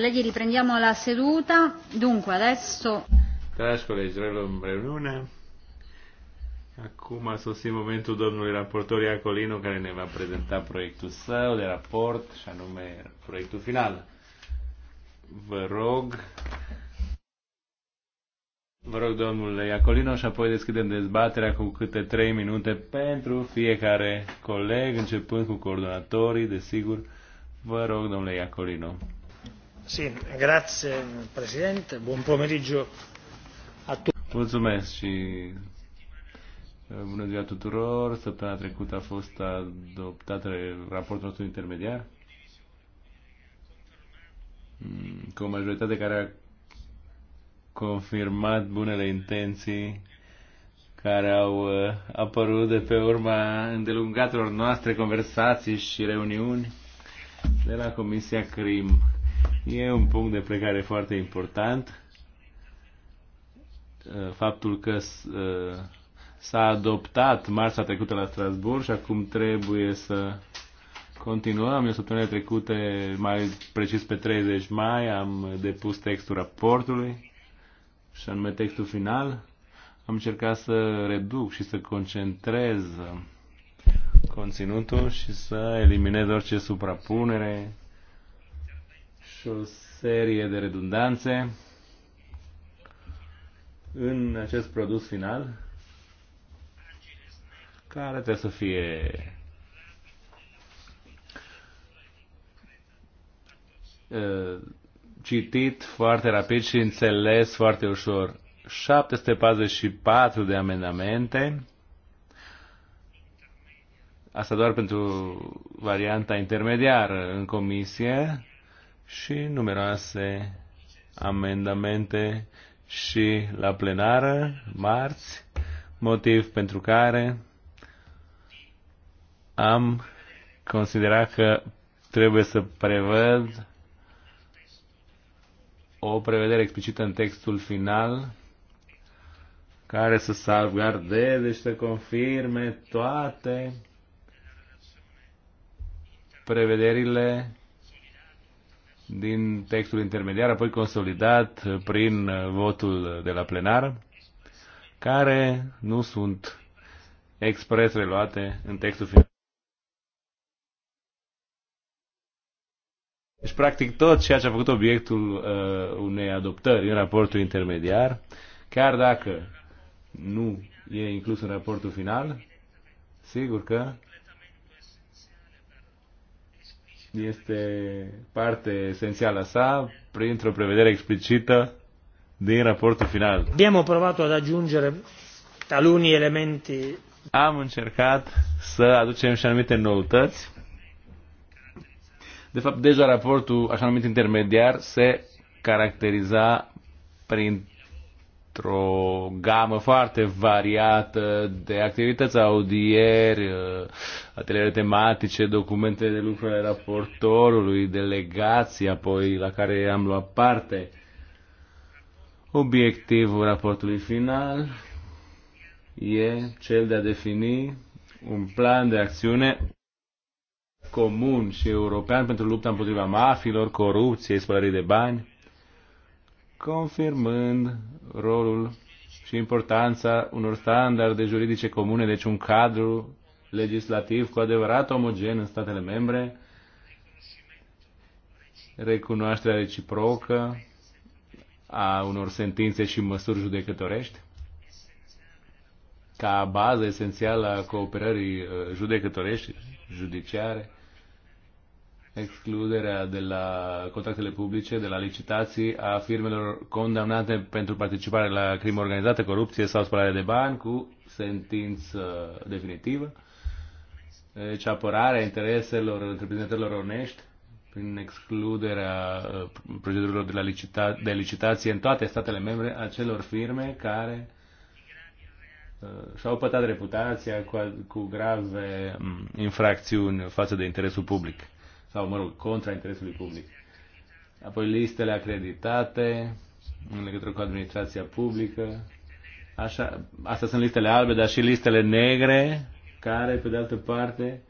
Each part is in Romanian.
Colleghi, riprendiamo la seduta. Dunque, adesso... Dragi colegi, reluăm reuniunea. Acum a sosit momentul domnului raportor Iacolino care ne va prezenta proiectul său de raport și anume proiectul final. Vă rog, vă rog domnule Iacolino și apoi deschidem dezbaterea cu câte trei minute pentru fiecare coleg, începând cu coordonatorii, desigur. Vă rog, domnule Iacolino. Sí, Presidente. Buon pomeriggio a tutti. Mulțumesc și eh, bună ziua tuturor. Săptămâna trecută a fost adoptat raportul nostru intermediar mm, cu o majoritate care a confirmat bunele intenții care au eh, apărut de pe urma îndelungatelor noastre conversații și reuniuni de la Comisia CRIM. E un punct de plecare foarte important. Uh, faptul că uh, s-a adoptat marța trecută la Strasburg și acum trebuie să continuăm. Eu săptămâna trecută, mai precis pe 30 mai, am depus textul raportului și anume textul final. Am încercat să reduc și să concentrez conținutul și să eliminez orice suprapunere și o serie de redundanțe în acest produs final care trebuie să fie uh, citit foarte rapid și înțeles foarte ușor. 744 de amendamente. Asta doar pentru varianta intermediară în comisie și numeroase amendamente și la plenară, marți, motiv pentru care am considerat că trebuie să prevăd o prevedere explicită în textul final care să salvgardeze și deci să confirme toate prevederile din textul intermediar, apoi consolidat prin votul de la plenar, care nu sunt expres reluate în textul final. Deci, practic, tot ceea ce a făcut obiectul uh, unei adoptări în raportul intermediar, chiar dacă nu e inclus în raportul final, sigur că este parte esențială sa printr-o prevedere explicită din raportul final. Abbiamo provato ad aggiungere taluni elementi. Am încercat să aducem și anumite noutăți. De fapt, deja raportul, așa numit intermediar, se caracteriza prin într-o gamă foarte variată de activități, audieri, uh, ateliere tematice, documente de lucru ale raportorului, delegații, apoi la care am luat parte. Obiectivul raportului final e cel de a defini un plan de acțiune comun și european pentru lupta împotriva mafilor, corupției, spălării de bani, confirmând rolul și importanța unor standarde juridice comune, deci un cadru legislativ cu adevărat omogen în statele membre, recunoașterea reciprocă a unor sentințe și măsuri judecătorești, ca bază esențială a cooperării uh, judecătorești, judiciare, excluderea de la contractele publice, de la licitații a firmelor condamnate pentru participare la crimă organizată, corupție sau spălare de bani cu sentință definitivă. Deci apărarea intereselor întreprinzătorilor onești prin excluderea uh, procedurilor de, la licita de licitație în toate statele membre a celor firme care uh, și-au pătat reputația cu, cu grave mm, infracțiuni față de interesul public sau, mă rog, contra interesului public. Apoi listele acreditate în legătură cu administrația publică. Așa, astea sunt listele albe, dar și listele negre, care, pe de altă parte,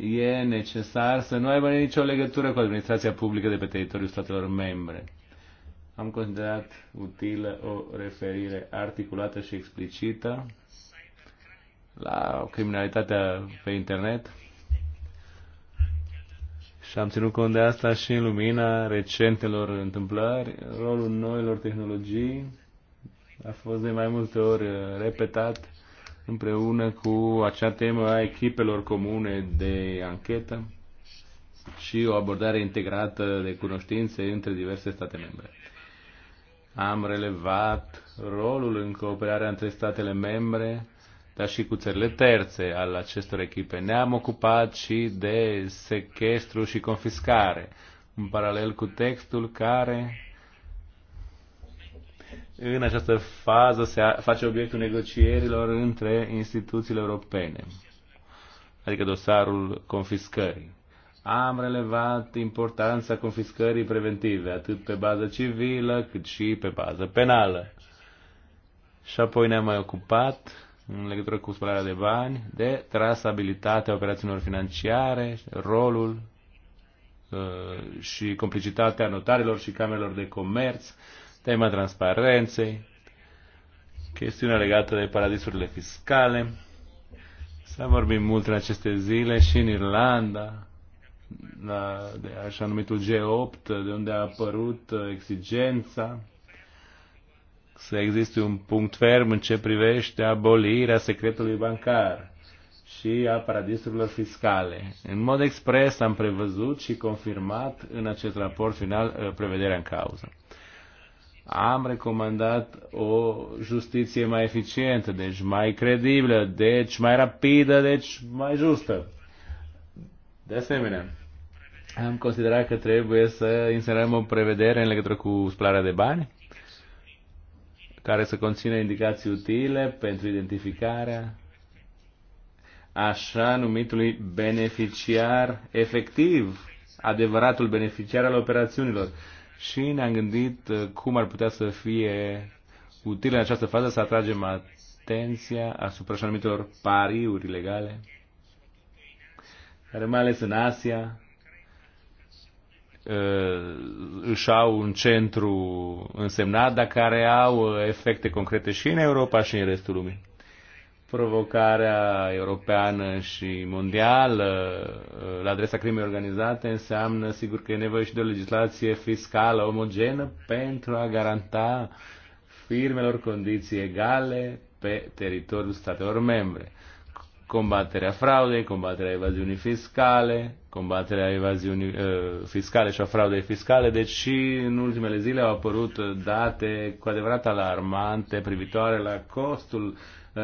e necesar să nu aibă nicio legătură cu administrația publică de pe teritoriul statelor membre. Am considerat utilă o referire articulată și explicită la criminalitatea pe internet și am ținut cont de asta și în lumina recentelor întâmplări. Rolul noilor tehnologii a fost de mai multe ori repetat împreună cu acea temă a echipelor comune de anchetă și o abordare integrată de cunoștințe între diverse state membre. Am relevat rolul în cooperarea între statele membre dar și cu țările terțe al acestor echipe. Ne-am ocupat și de sequestru și confiscare, în paralel cu textul care în această fază se face obiectul negocierilor între instituțiile europene, adică dosarul confiscării. Am relevat importanța confiscării preventive, atât pe bază civilă cât și pe bază penală. Și apoi ne-am mai ocupat în legătură cu spălarea de bani, de trasabilitatea operațiunilor financiare, rolul uh, și complicitatea notarilor și camerelor de comerț, tema transparenței, chestiunea legată de paradisurile fiscale. S-a vorbit mult în aceste zile și în Irlanda, la, de așa numitul G8, de unde a apărut uh, exigența să existe un punct ferm în ce privește abolirea secretului bancar și a paradisurilor fiscale. În mod expres am prevăzut și confirmat în acest raport final uh, prevederea în cauză. Am recomandat o justiție mai eficientă, deci mai credibilă, deci mai rapidă, deci mai justă. De asemenea, am considerat că trebuie să inserăm o prevedere în legătură cu spălarea de bani care să conțină indicații utile pentru identificarea așa numitului beneficiar efectiv, adevăratul beneficiar al operațiunilor. Și ne-am gândit uh, cum ar putea să fie util în această fază să atragem atenția asupra așa numitelor pariuri legale, care mai ales în Asia Uh, își au un centru însemnat, dar care au uh, efecte concrete și în Europa și în restul lumii. Provocarea europeană și mondială uh, la adresa crimei organizate înseamnă, sigur, că e nevoie și de o legislație fiscală omogenă pentru a garanta firmelor condiții egale pe teritoriul statelor membre combaterea fraudei, combaterea evaziunii fiscale, combaterea evaziunii uh, fiscale și a fraudei fiscale. Deci și în ultimele zile au apărut date cu adevărat alarmante privitoare la costul uh,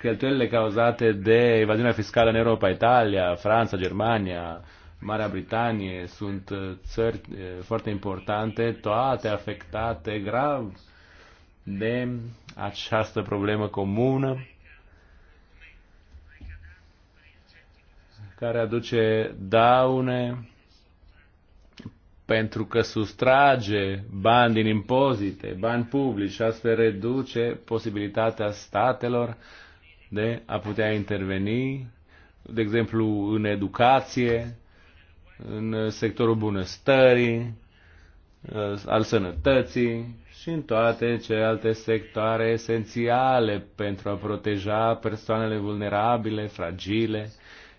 cheltuielile cauzate de evaziunea fiscală în Europa, Italia, Franța, Germania, Marea Britanie sunt uh, țări uh, foarte importante, toate afectate grav de această problemă comună care aduce daune pentru că sustrage bani din impozite, bani publici astfel reduce posibilitatea statelor de a putea interveni, de exemplu, în educație, în sectorul bunăstării, al sănătății și în toate celelalte sectoare esențiale pentru a proteja persoanele vulnerabile, fragile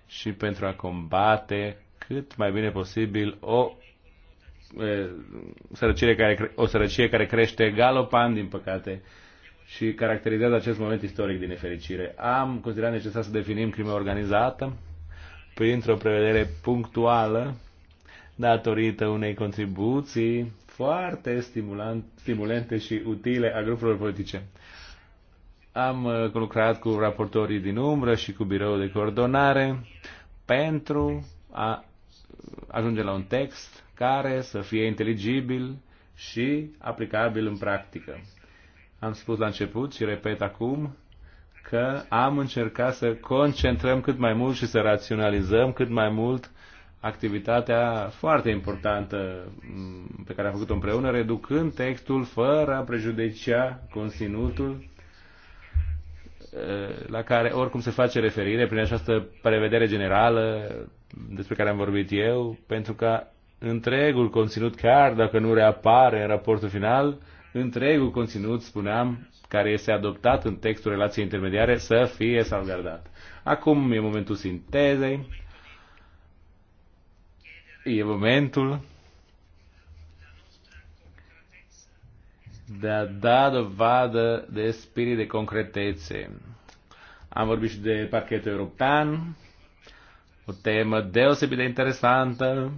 și pentru a combate cât mai bine posibil o e, sărăcie care, o sărăcie care crește galopan, din păcate, și caracterizează acest moment istoric din nefericire. Am considerat necesar să definim crimă organizată printr-o prevedere punctuală datorită unei contribuții foarte stimulante și utile a grupurilor politice. Am uh, lucrat cu raportorii din umbră și cu biroul de coordonare pentru a uh, ajunge la un text care să fie inteligibil și aplicabil în practică. Am spus la început și repet acum că am încercat să concentrăm cât mai mult și să raționalizăm cât mai mult activitatea foarte importantă mm, pe care am făcut-o împreună, reducând textul fără a prejudicia conținutul Eh, la care oricum se face referire prin această prevedere generală despre care am vorbit eu, pentru că întregul conținut, chiar dacă nu reapare în raportul final, întregul conținut, spuneam, care este adoptat în textul relației intermediare, să fie salvgardat. Acum e momentul sintezei, e momentul de a da dovadă de spirit de concretețe. Am vorbit și de parchetul european, o temă deosebit de interesantă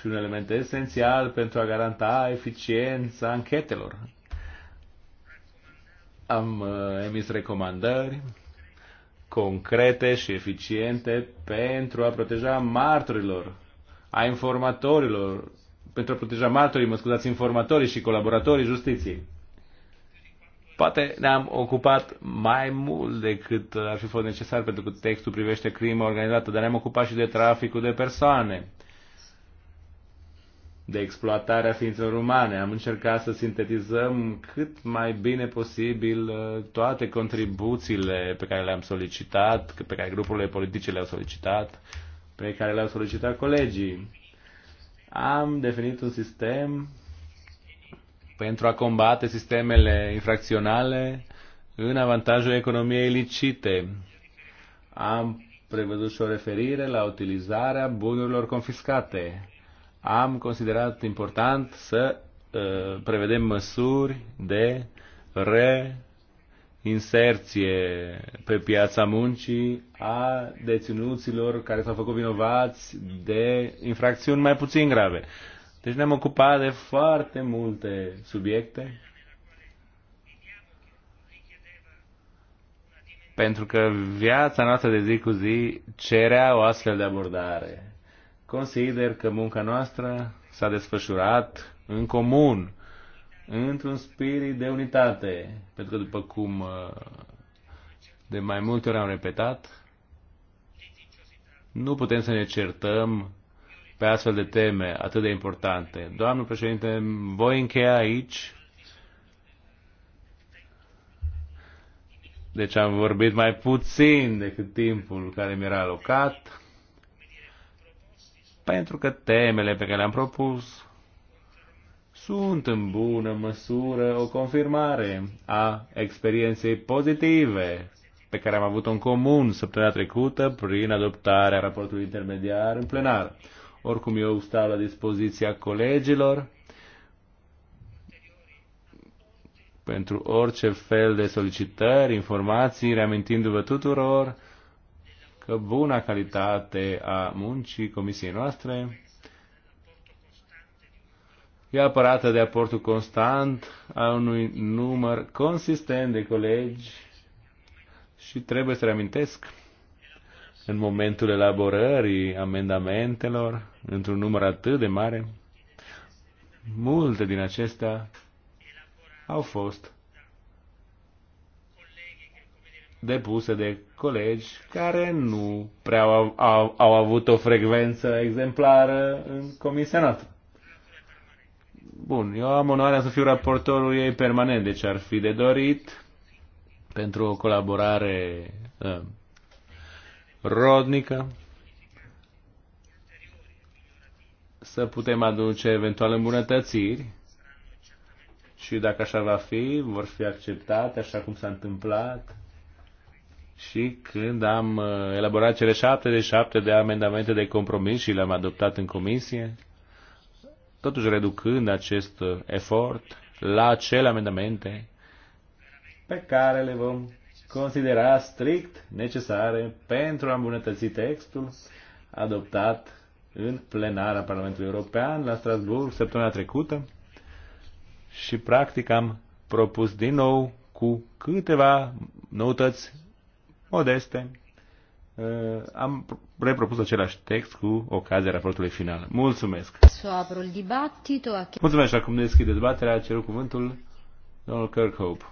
și un element esențial pentru a garanta eficiența anchetelor. Am uh, emis recomandări concrete și eficiente pentru a proteja martorilor, a informatorilor pentru a proteja martorii, mă scuzați, informatorii și colaboratorii justiției. Poate ne-am ocupat mai mult decât ar fi fost necesar pentru că textul privește crimă organizată, dar ne-am ocupat și de traficul de persoane, de exploatarea ființelor umane. Am încercat să sintetizăm cât mai bine posibil uh, toate contribuțiile pe care le-am solicitat, pe care grupurile politice le-au solicitat, pe care le-au solicitat colegii am definit un sistem pentru a combate sistemele infracționale în avantajul economiei licite. Am prevăzut și o referire la utilizarea bunurilor confiscate. Am considerat important să uh, prevedem măsuri de re inserție pe piața muncii a deținuților care s-au făcut vinovați de infracțiuni mai puțin grave. Deci ne-am ocupat de foarte multe subiecte pentru că viața noastră de zi cu zi cerea o astfel de abordare. Consider că munca noastră s-a desfășurat în comun într-un spirit de unitate. Pentru că, după cum uh, de mai multe ori am repetat, nu putem să ne certăm pe astfel de teme atât de importante. Doamnul președinte, voi încheia aici. Deci am vorbit mai puțin decât timpul care mi era alocat, pentru că temele pe care le-am propus sunt în bună măsură o confirmare a experienței pozitive pe care am avut-o în comun săptămâna trecută prin adoptarea raportului intermediar în plenar. Oricum eu stau la dispoziția colegilor pentru orice fel de solicitări, informații, reamintindu-vă tuturor că buna calitate a muncii comisiei noastre e apărată de aportul constant a unui număr consistent de colegi și trebuie să reamintesc în momentul elaborării amendamentelor, într-un număr atât de mare, multe din acestea au fost depuse de colegi care nu prea au, au, au avut o frecvență exemplară în comisia noastră. Bun, eu am onoarea să fiu raportorul ei permanent, deci ar fi de dorit pentru o colaborare uh, rodnică să putem aduce eventual îmbunătățiri și dacă așa va fi, vor fi acceptate așa cum s-a întâmplat și când am uh, elaborat cele 77 de amendamente de compromis și le-am adoptat în comisie, totuși reducând acest uh, efort la acele amendamente pe care le vom considera strict necesare pentru a îmbunătăți textul adoptat în plenara Parlamentului European la Strasburg săptămâna trecută și practic am propus din nou cu câteva noutăți modeste Uh, am repropus același text cu ocazia raportului final. Mulțumesc! Soapro il Mulțumesc! Acum deschid dezbaterea. cer cuvântul domnul Kirkhope.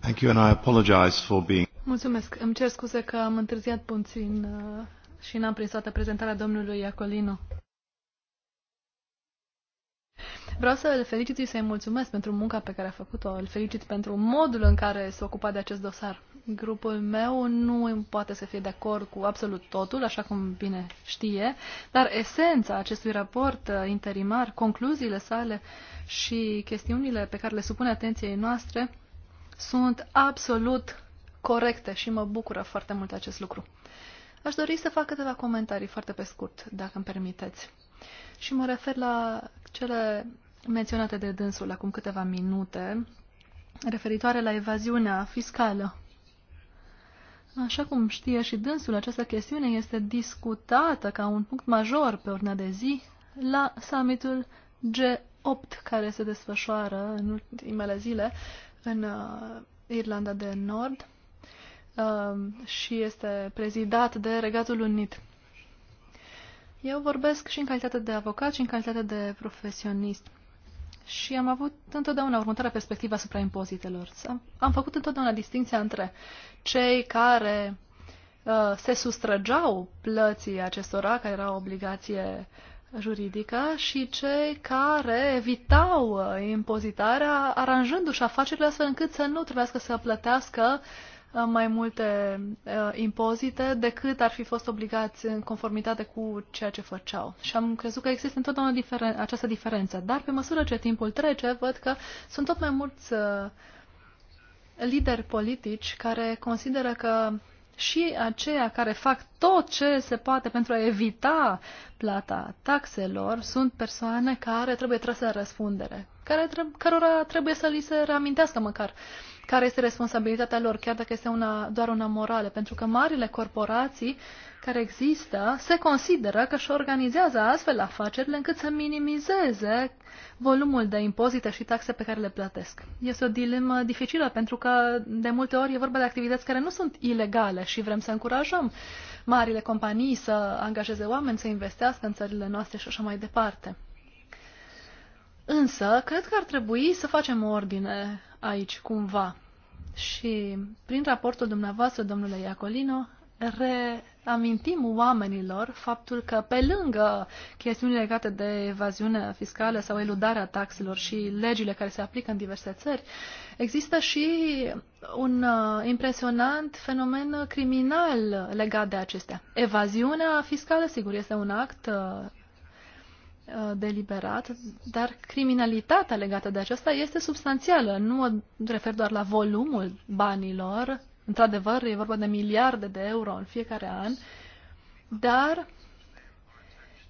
Thank you and I apologize for being... Mulțumesc! Îmi cer scuze că am întârziat puțin uh, și n-am prins toată prezentarea domnului Iacolino. Vreau să îl felicit și să-i mulțumesc pentru munca pe care a făcut-o. Îl felicit pentru modul în care s-a ocupat de acest dosar. Grupul meu nu poate să fie de acord cu absolut totul, așa cum bine știe, dar esența acestui raport uh, interimar, concluziile sale și chestiunile pe care le supune atenției noastre sunt absolut corecte și mă bucură foarte mult acest lucru. Aș dori să fac câteva comentarii foarte pe scurt, dacă îmi permiteți. Și mă refer la cele menționate de dânsul acum câteva minute, referitoare la evaziunea fiscală. Așa cum știe și dânsul, această chestiune este discutată ca un punct major pe ordinea de zi la summitul G8 care se desfășoară în ultimele zile în uh, Irlanda de Nord uh, și este prezidat de Regatul Unit. Eu vorbesc și în calitate de avocat și în calitate de profesionist și am avut întotdeauna următoarea perspectivă asupra impozitelor. Am, am făcut întotdeauna distinția între cei care uh, se sustrăgeau plății acestora, care era o obligație juridică, și cei care evitau uh, impozitarea, aranjându-și afacerile astfel încât să nu trebuiască să plătească uh, Uh, mai multe uh, impozite decât ar fi fost obligați în conformitate cu ceea ce făceau. Și am crezut că există întotdeauna diferen- această diferență. Dar pe măsură ce timpul trece, văd că sunt tot mai mulți uh, lideri politici care consideră că și aceia care fac tot ce se poate pentru a evita plata taxelor sunt persoane care trebuie trase în răspundere, care treb- cărora trebuie să li se reamintească măcar uh, care este responsabilitatea lor, chiar dacă este una, doar una morală, pentru că marile corporații care există se consideră că își organizează astfel afacerile încât să minimizeze volumul de impozite și taxe pe care le plătesc. Este o dilemă dificilă pentru că de multe ori e vorba de activități care nu sunt ilegale și vrem să încurajăm marile companii să angajeze oameni, să investească în țările noastre și așa mai departe. Însă, cred că ar trebui să facem ordine aici cumva. Și prin raportul dumneavoastră, domnule Iacolino, reamintim oamenilor faptul că pe lângă chestiuni legate de evaziune fiscală sau eludarea taxelor și legile care se aplică în diverse țări, există și un uh, impresionant fenomen criminal legat de acestea. Evaziunea fiscală, sigur, este un act uh, Uh, deliberat, dar criminalitatea legată de aceasta este substanțială. Nu mă refer doar la volumul banilor, într-adevăr e vorba de miliarde de euro în fiecare an, dar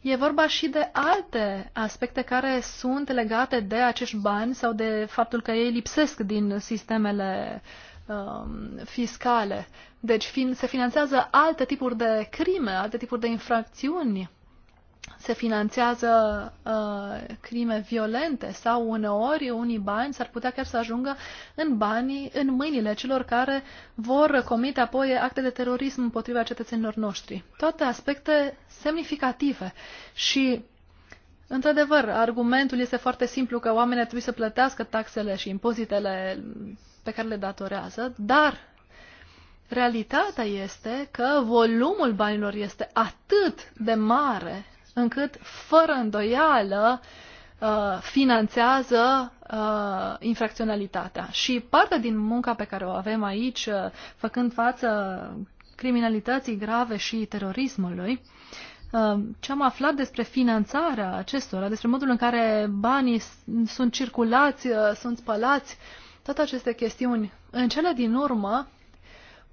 e vorba și de alte aspecte care sunt legate de acești bani sau de faptul că ei lipsesc din sistemele um, fiscale. Deci fin, se finanțează alte tipuri de crime, alte tipuri de infracțiuni se finanțează uh, crime violente sau uneori unii bani s-ar putea chiar să ajungă în banii, în mâinile celor care vor comite apoi acte de terorism împotriva cetățenilor noștri. Toate aspecte semnificative și Într-adevăr, argumentul este foarte simplu că oamenii trebuie să plătească taxele și impozitele pe care le datorează, dar realitatea este că volumul banilor este atât de mare încât, fără îndoială, uh, finanțează uh, infracționalitatea. Și parte din munca pe care o avem aici, uh, făcând față criminalității grave și terorismului, ce am aflat despre finanțarea acestora, despre modul în care banii sunt circulați, sunt spălați, toate aceste chestiuni, în cele din urmă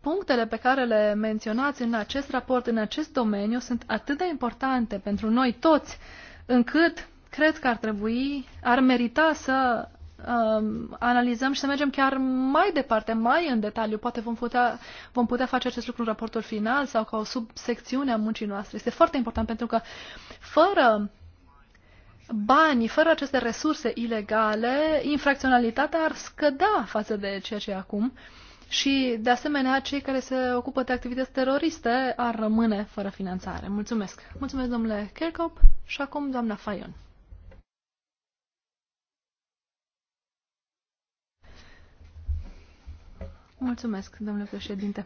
punctele pe care le menționați în acest raport, în acest domeniu, sunt atât de importante pentru noi toți, încât cred că ar trebui, ar merita să um, analizăm și să mergem chiar mai departe, mai în detaliu. Poate vom putea, vom putea face acest lucru în raportul final sau ca o subsecțiune a muncii noastre. Este foarte important pentru că fără banii, fără aceste resurse ilegale, infracționalitatea ar scădea față de ceea ce e acum. Uh, și, de asemenea, cei care se ocupă de activități teroriste ar rămâne fără finanțare. Mulțumesc. Mulțumesc, domnule Kerkop. Și acum, doamna Fayon. Mulțumesc, domnule președinte.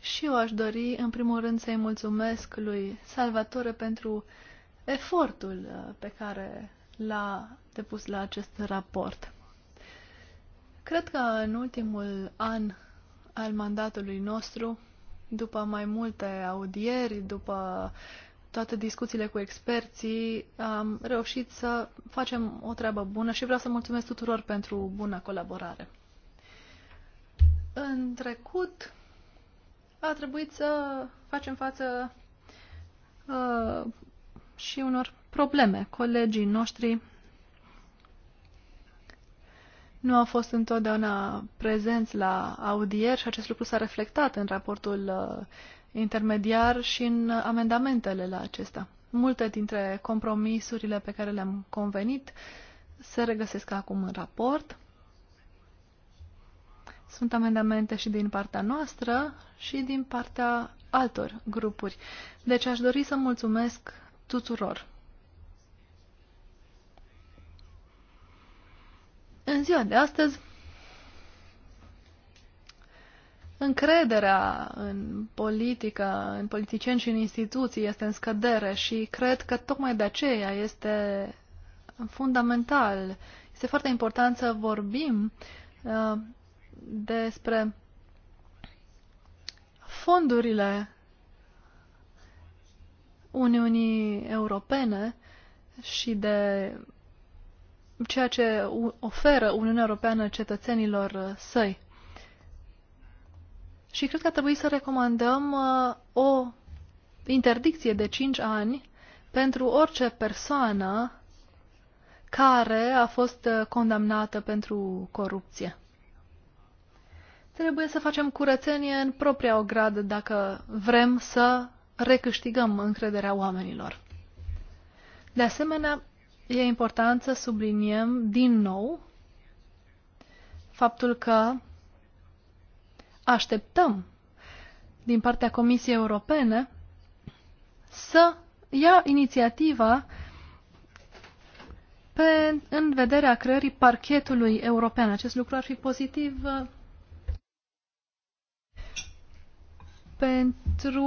Și eu aș dori, în primul rând, să-i mulțumesc lui Salvatore pentru efortul uh, pe care l-a depus la acest raport. Cred că în ultimul an al mandatului nostru, după mai multe audieri, după toate discuțiile cu experții, am reușit să facem o treabă bună și vreau să mulțumesc tuturor pentru bună colaborare. În trecut a trebuit să facem față uh, și unor probleme. Colegii noștri nu au fost întotdeauna prezenți la audier și acest lucru s-a reflectat în raportul uh, intermediar și în amendamentele la acesta. Multe dintre compromisurile pe care le-am convenit se regăsesc acum în raport. Sunt amendamente și din partea noastră și din partea altor grupuri. Deci aș dori să mulțumesc tuturor. În ziua de astăzi, încrederea în politică, în politicieni și în instituții este în scădere și cred că tocmai de aceea este fundamental, este foarte important să vorbim uh, despre fondurile Uniunii Europene și de ceea ce oferă Uniunea Europeană cetățenilor uh, săi. Și cred că ar trebui să recomandăm uh, o interdicție de 5 ani pentru orice persoană care a fost uh, condamnată pentru corupție. Trebuie să facem curățenie în propria ogradă dacă vrem să recâștigăm încrederea oamenilor. De asemenea, e important să subliniem din nou faptul că așteptăm din partea Comisiei Europene să ia inițiativa pe, în vederea creării parchetului european. Acest lucru ar fi pozitiv uh, pentru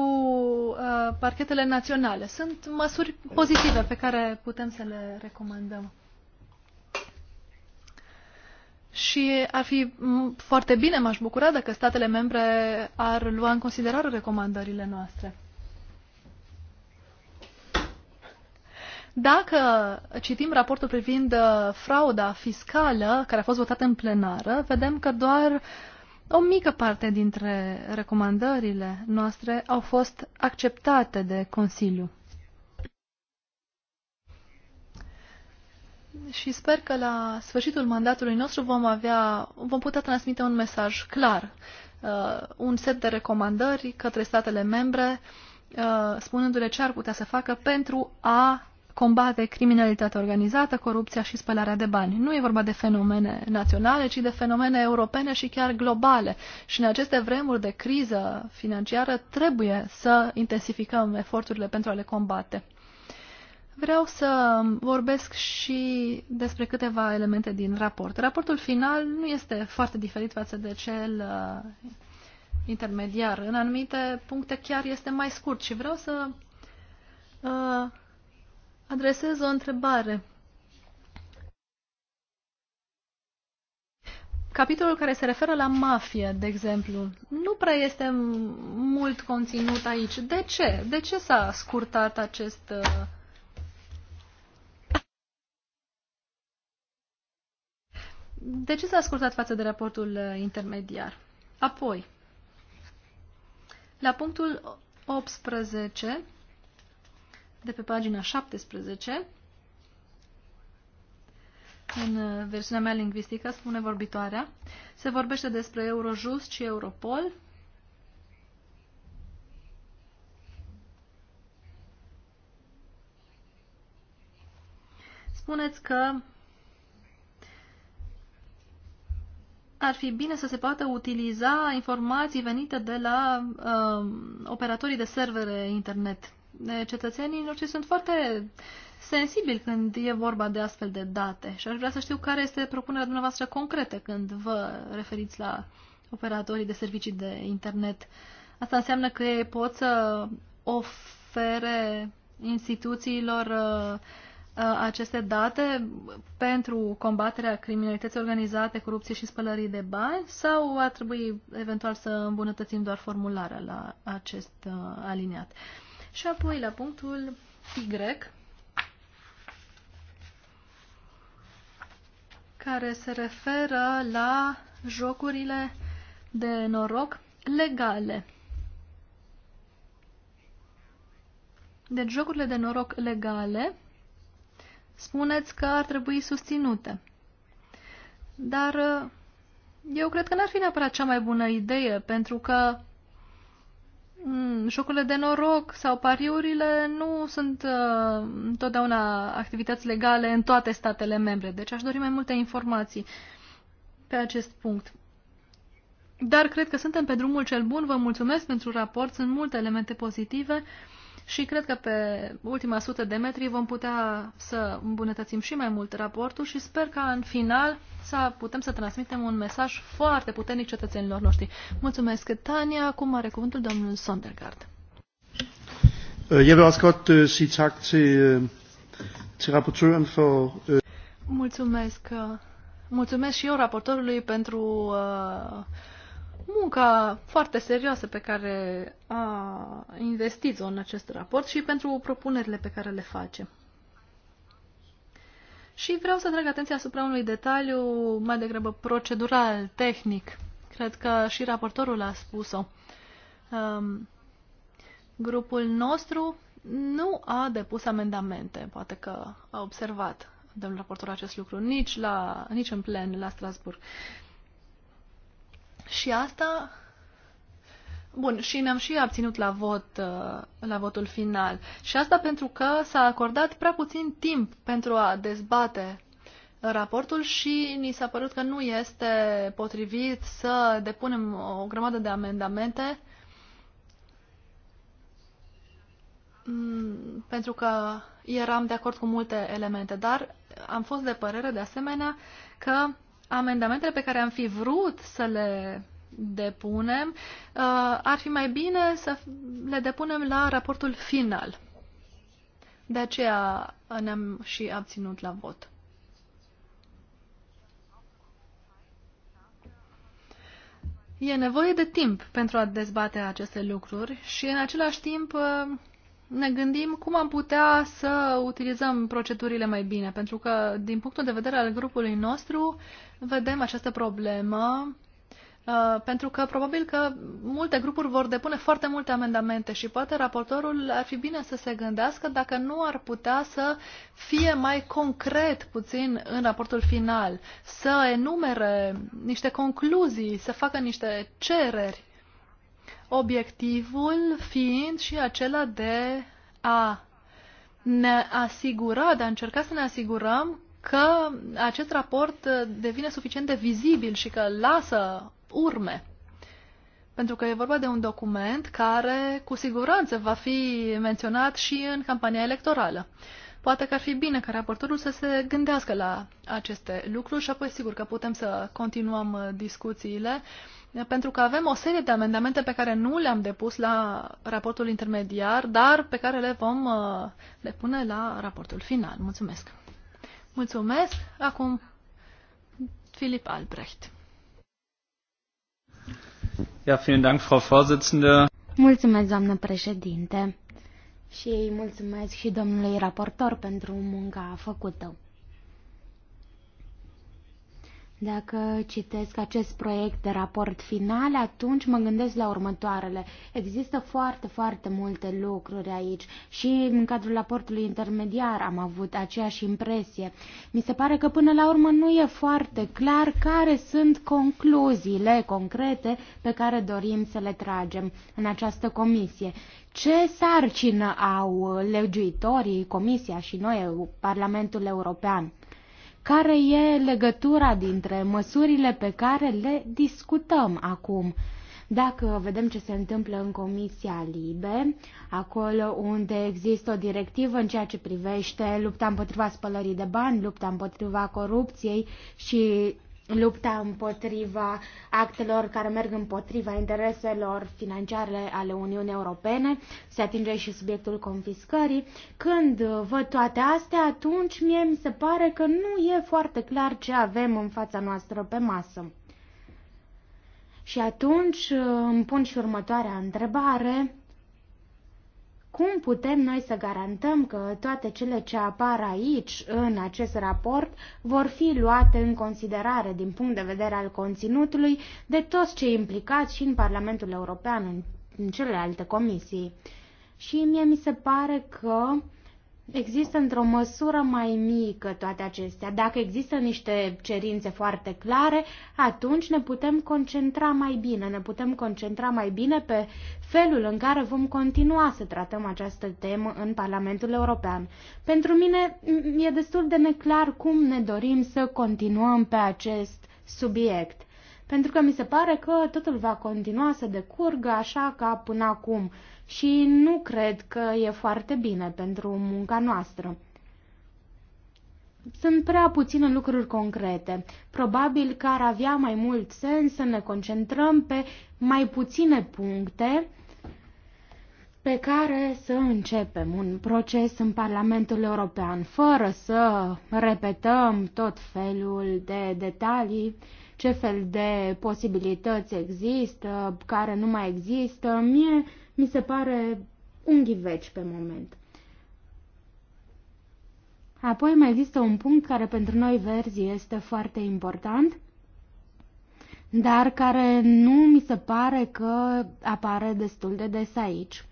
uh, parchetele naționale. Sunt măsuri pozitive pe care putem să le recomandăm. Și ar fi foarte bine, m-aș bucura dacă statele membre ar lua în considerare recomandările noastre. Dacă citim raportul privind uh, frauda fiscală care a fost votat în plenară, vedem că doar o mică parte dintre recomandările noastre au fost acceptate de Consiliu. Și sper că la sfârșitul mandatului nostru vom avea, vom putea transmite un mesaj clar, uh, un set de recomandări către statele membre, uh, spunându-le ce ar putea să facă pentru a combate criminalitatea organizată, corupția și spălarea de bani. Nu e vorba de fenomene naționale, ci de fenomene europene și chiar globale. Și în aceste vremuri de criză financiară trebuie să intensificăm eforturile pentru a le combate. Vreau să vorbesc și despre câteva elemente din raport. Raportul final nu este foarte diferit față de cel uh, intermediar. În anumite puncte chiar este mai scurt și vreau să uh, adresez o întrebare. Capitolul care se referă la mafie, de exemplu, nu prea este mult conținut aici. De ce? De ce s-a scurtat acest uh, De ce s-a scurtat față de raportul uh, intermediar? Apoi, la punctul 18 de pe pagina 17. În uh, versiunea mea lingvistică spune vorbitoarea. Se vorbește despre Eurojust și Europol. Spuneți că ar fi bine să se poată utiliza informații venite de la uh, operatorii de servere internet cetățenii noștri sunt foarte sensibili când e vorba de astfel de date și aș vrea să știu care este propunerea dumneavoastră concretă când vă referiți la operatorii de servicii de internet. Asta înseamnă că ei pot să ofere instituțiilor uh, uh, aceste date pentru combaterea criminalității organizate, corupției și spălării de bani sau ar trebui eventual să îmbunătățim doar formularea la acest uh, aliniat? Și apoi la punctul Y, care se referă la jocurile de noroc legale. Deci jocurile de noroc legale spuneți că ar trebui susținute. Dar eu cred că n-ar fi neapărat cea mai bună idee, pentru că jocurile mm, de noroc sau pariurile nu sunt uh, întotdeauna activități legale în toate statele membre. Deci aș dori mai multe informații pe acest punct. Dar cred că suntem pe drumul cel bun. Vă mulțumesc pentru raport. Sunt multe elemente pozitive. Uh, și cred că pe ultima sută de metri vom putea să îmbunătățim și mai mult raportul și sper ca în final să putem să transmitem un mesaj foarte puternic cetățenilor noștri. Mulțumesc, Tania. Acum are cuvântul domnul Sondergaard. Øh, øh, øh, mulțumesc. Mulțumesc și eu raportorului pentru uh, munca foarte serioasă pe care a investit-o în acest raport și pentru propunerile pe care le face. Și vreau să trag atenția asupra unui detaliu mai degrabă procedural, tehnic. Cred că și raportorul a spus-o. Um, grupul nostru nu a depus amendamente, poate că a observat domnul raportor acest lucru, nici, la, nici în plen la Strasburg. Și asta Bun, și ne-am și abținut la, vot, uh, la votul final. Și asta pentru că s-a acordat prea puțin timp pentru a dezbate raportul și ni s-a părut că nu este potrivit să depunem o grămadă de amendamente mm, pentru că eram de acord cu multe elemente, dar am fost de părere de asemenea că amendamentele pe care am fi vrut să le depunem, uh, ar fi mai bine să le depunem la raportul final. De aceea ne-am și abținut la vot. E nevoie de timp pentru a dezbate aceste lucruri și în același timp uh, ne gândim cum am putea să utilizăm procedurile mai bine, pentru că din punctul de vedere al grupului nostru vedem această problemă uh, pentru că probabil că multe grupuri vor depune foarte multe amendamente și poate raportorul ar fi bine să se gândească dacă nu ar putea să fie mai concret puțin în raportul final, să enumere niște concluzii, să facă niște cereri obiectivul fiind și acela de a ne asigura, de a încerca să ne asigurăm că acest raport devine suficient de vizibil și că lasă urme. Pentru că e vorba de un document care cu siguranță va fi menționat și în campania electorală. Poate că ar fi bine ca raportorul să se gândească la aceste lucruri și apoi sigur că putem să continuăm discuțiile pentru că avem o serie de amendamente pe care nu le-am depus la raportul intermediar, dar pe care le vom depune uh, la raportul final. Mulțumesc! Mulțumesc! Acum, Filip Albrecht. Ja, vielen Dank, Frau Vorsitzende. Mulțumesc, doamnă președinte. Și mulțumesc și domnului raportor pentru munca făcută. Dacă citesc acest proiect de raport final, atunci mă gândesc la următoarele. Există foarte, foarte multe lucruri aici și în cadrul raportului intermediar am avut aceeași impresie. Mi se pare că până la urmă nu e foarte clar care sunt concluziile concrete pe care dorim să le tragem în această comisie. Ce sarcină au legiuitorii, Comisia și noi, Parlamentul European? care e legătura dintre măsurile pe care le discutăm acum. Dacă vedem ce se întâmplă în Comisia Libe, acolo unde există o directivă în ceea ce privește lupta împotriva spălării de bani, lupta împotriva corupției și lupta împotriva actelor care merg împotriva intereselor financiare ale Uniunii Europene, se atinge și subiectul confiscării. Când văd toate astea, atunci mie mi se pare că nu e foarte clar ce avem în fața noastră pe masă. Și atunci îmi pun și următoarea întrebare. Cum putem noi să garantăm că toate cele ce apar aici, în acest raport, vor fi luate în considerare din punct de vedere al conținutului de toți cei implicați și în Parlamentul European, în, celelalte comisii? Și mie mi se pare că uh, există într-o măsură mai mică toate acestea. Dacă există niște cerințe foarte clare, atunci ne putem concentra mai bine, ne putem concentra mai bine pe felul în care vom continua să tratăm această temă în Parlamentul European. Pentru mine e destul de neclar cum ne dorim să continuăm pe acest subiect pentru că mi se pare că totul va continua să decurgă așa ca până acum și nu cred că e foarte bine pentru munca noastră. Sunt prea puține lucruri concrete. Probabil că ar avea mai mult sens să ne concentrăm pe mai puține puncte pe care să începem un proces în Parlamentul European, fără să repetăm tot felul de detalii, ce fel de posibilități există, care nu mai există. Mie mi se pare un ghiveci pe moment. Apoi mai există un punct care pentru noi verzi este foarte important, dar care nu mi se pare că apare destul de des aici.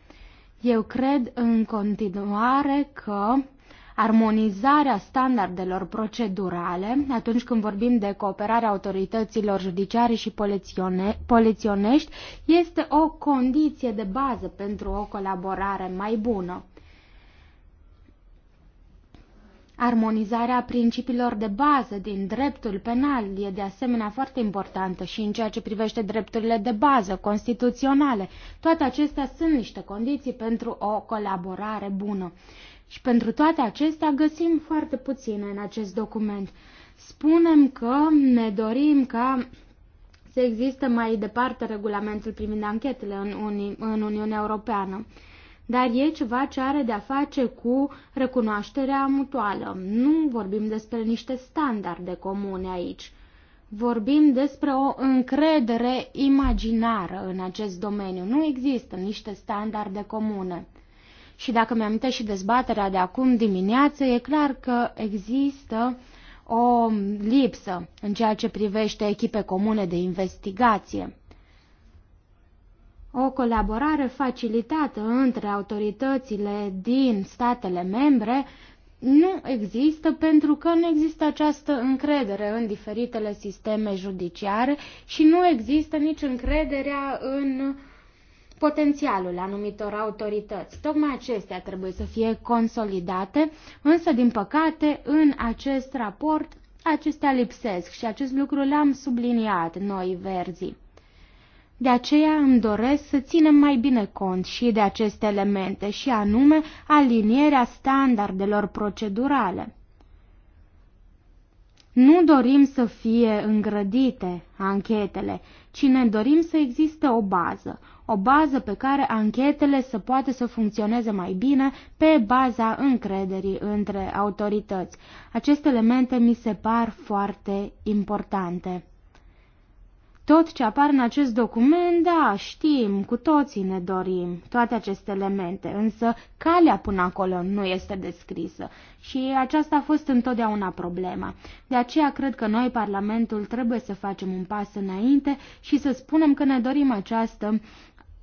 Eu cred în continuare că armonizarea standardelor procedurale atunci când vorbim de cooperarea autorităților judiciare și poliționești este o condiție de bază pentru o colaborare mai bună. Armonizarea principiilor de bază din dreptul penal e de asemenea foarte importantă și în ceea ce privește drepturile de bază constituționale. Toate acestea sunt niște condiții pentru o colaborare bună. Și pentru toate acestea găsim foarte puține în acest document. Spunem că ne dorim ca să existe mai departe regulamentul privind anchetele în, Uni- în Uniunea Europeană. Dar e ceva ce are de-a face cu recunoașterea mutuală. Nu vorbim despre niște standarde comune aici. Vorbim despre o încredere imaginară în acest domeniu. Nu există niște standarde comune. Și dacă mi-am și dezbaterea de acum dimineață, e clar că există o lipsă în ceea ce privește echipe comune de investigație. O colaborare facilitată între autoritățile din statele membre nu există pentru că nu există această încredere în diferitele sisteme judiciare și nu există nici încrederea în uh, potențialul anumitor autorități. Tocmai acestea trebuie să fie consolidate, însă, din păcate, în acest raport acestea lipsesc și acest lucru l-am subliniat noi verzii. De aceea îmi doresc să ținem mai bine cont și de aceste elemente și anume alinierea standardelor procedurale. Nu dorim să fie îngrădite anchetele, ci ne dorim să existe o bază, o bază pe care anchetele să poată să funcționeze mai bine pe baza încrederii între autorități. Aceste elemente mi se par foarte importante. Tot ce apar în acest document, da, știm, cu toții ne dorim toate aceste elemente, însă calea până acolo nu este descrisă și aceasta a fost întotdeauna problema. De aceea cred că noi, Parlamentul, trebuie să facem un pas înainte și să spunem că ne dorim această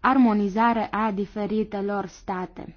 armonizare a diferitelor state.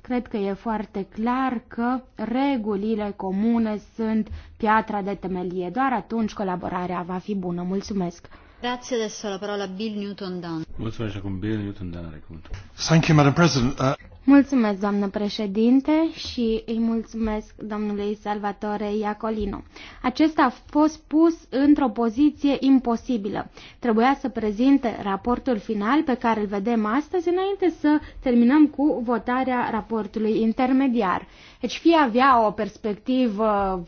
Cred că e foarte clar că regulile comune sunt piatra de temelie. Doar atunci colaborarea va fi bună. Mulțumesc! Grazie, adesso la parola Bill Newton Dunn. Mulțumesc acum Bill Newton Dunn Mulțumesc. Mulțumesc. Thank you, Madam President. Uh... Mulțumesc, doamnă președinte, și îi mulțumesc domnului Salvatore Iacolino. Acesta a fost pus într-o poziție imposibilă. Trebuia să prezinte raportul final pe care îl vedem astăzi înainte să terminăm cu votarea raportului intermediar. Deci fie avea o perspectivă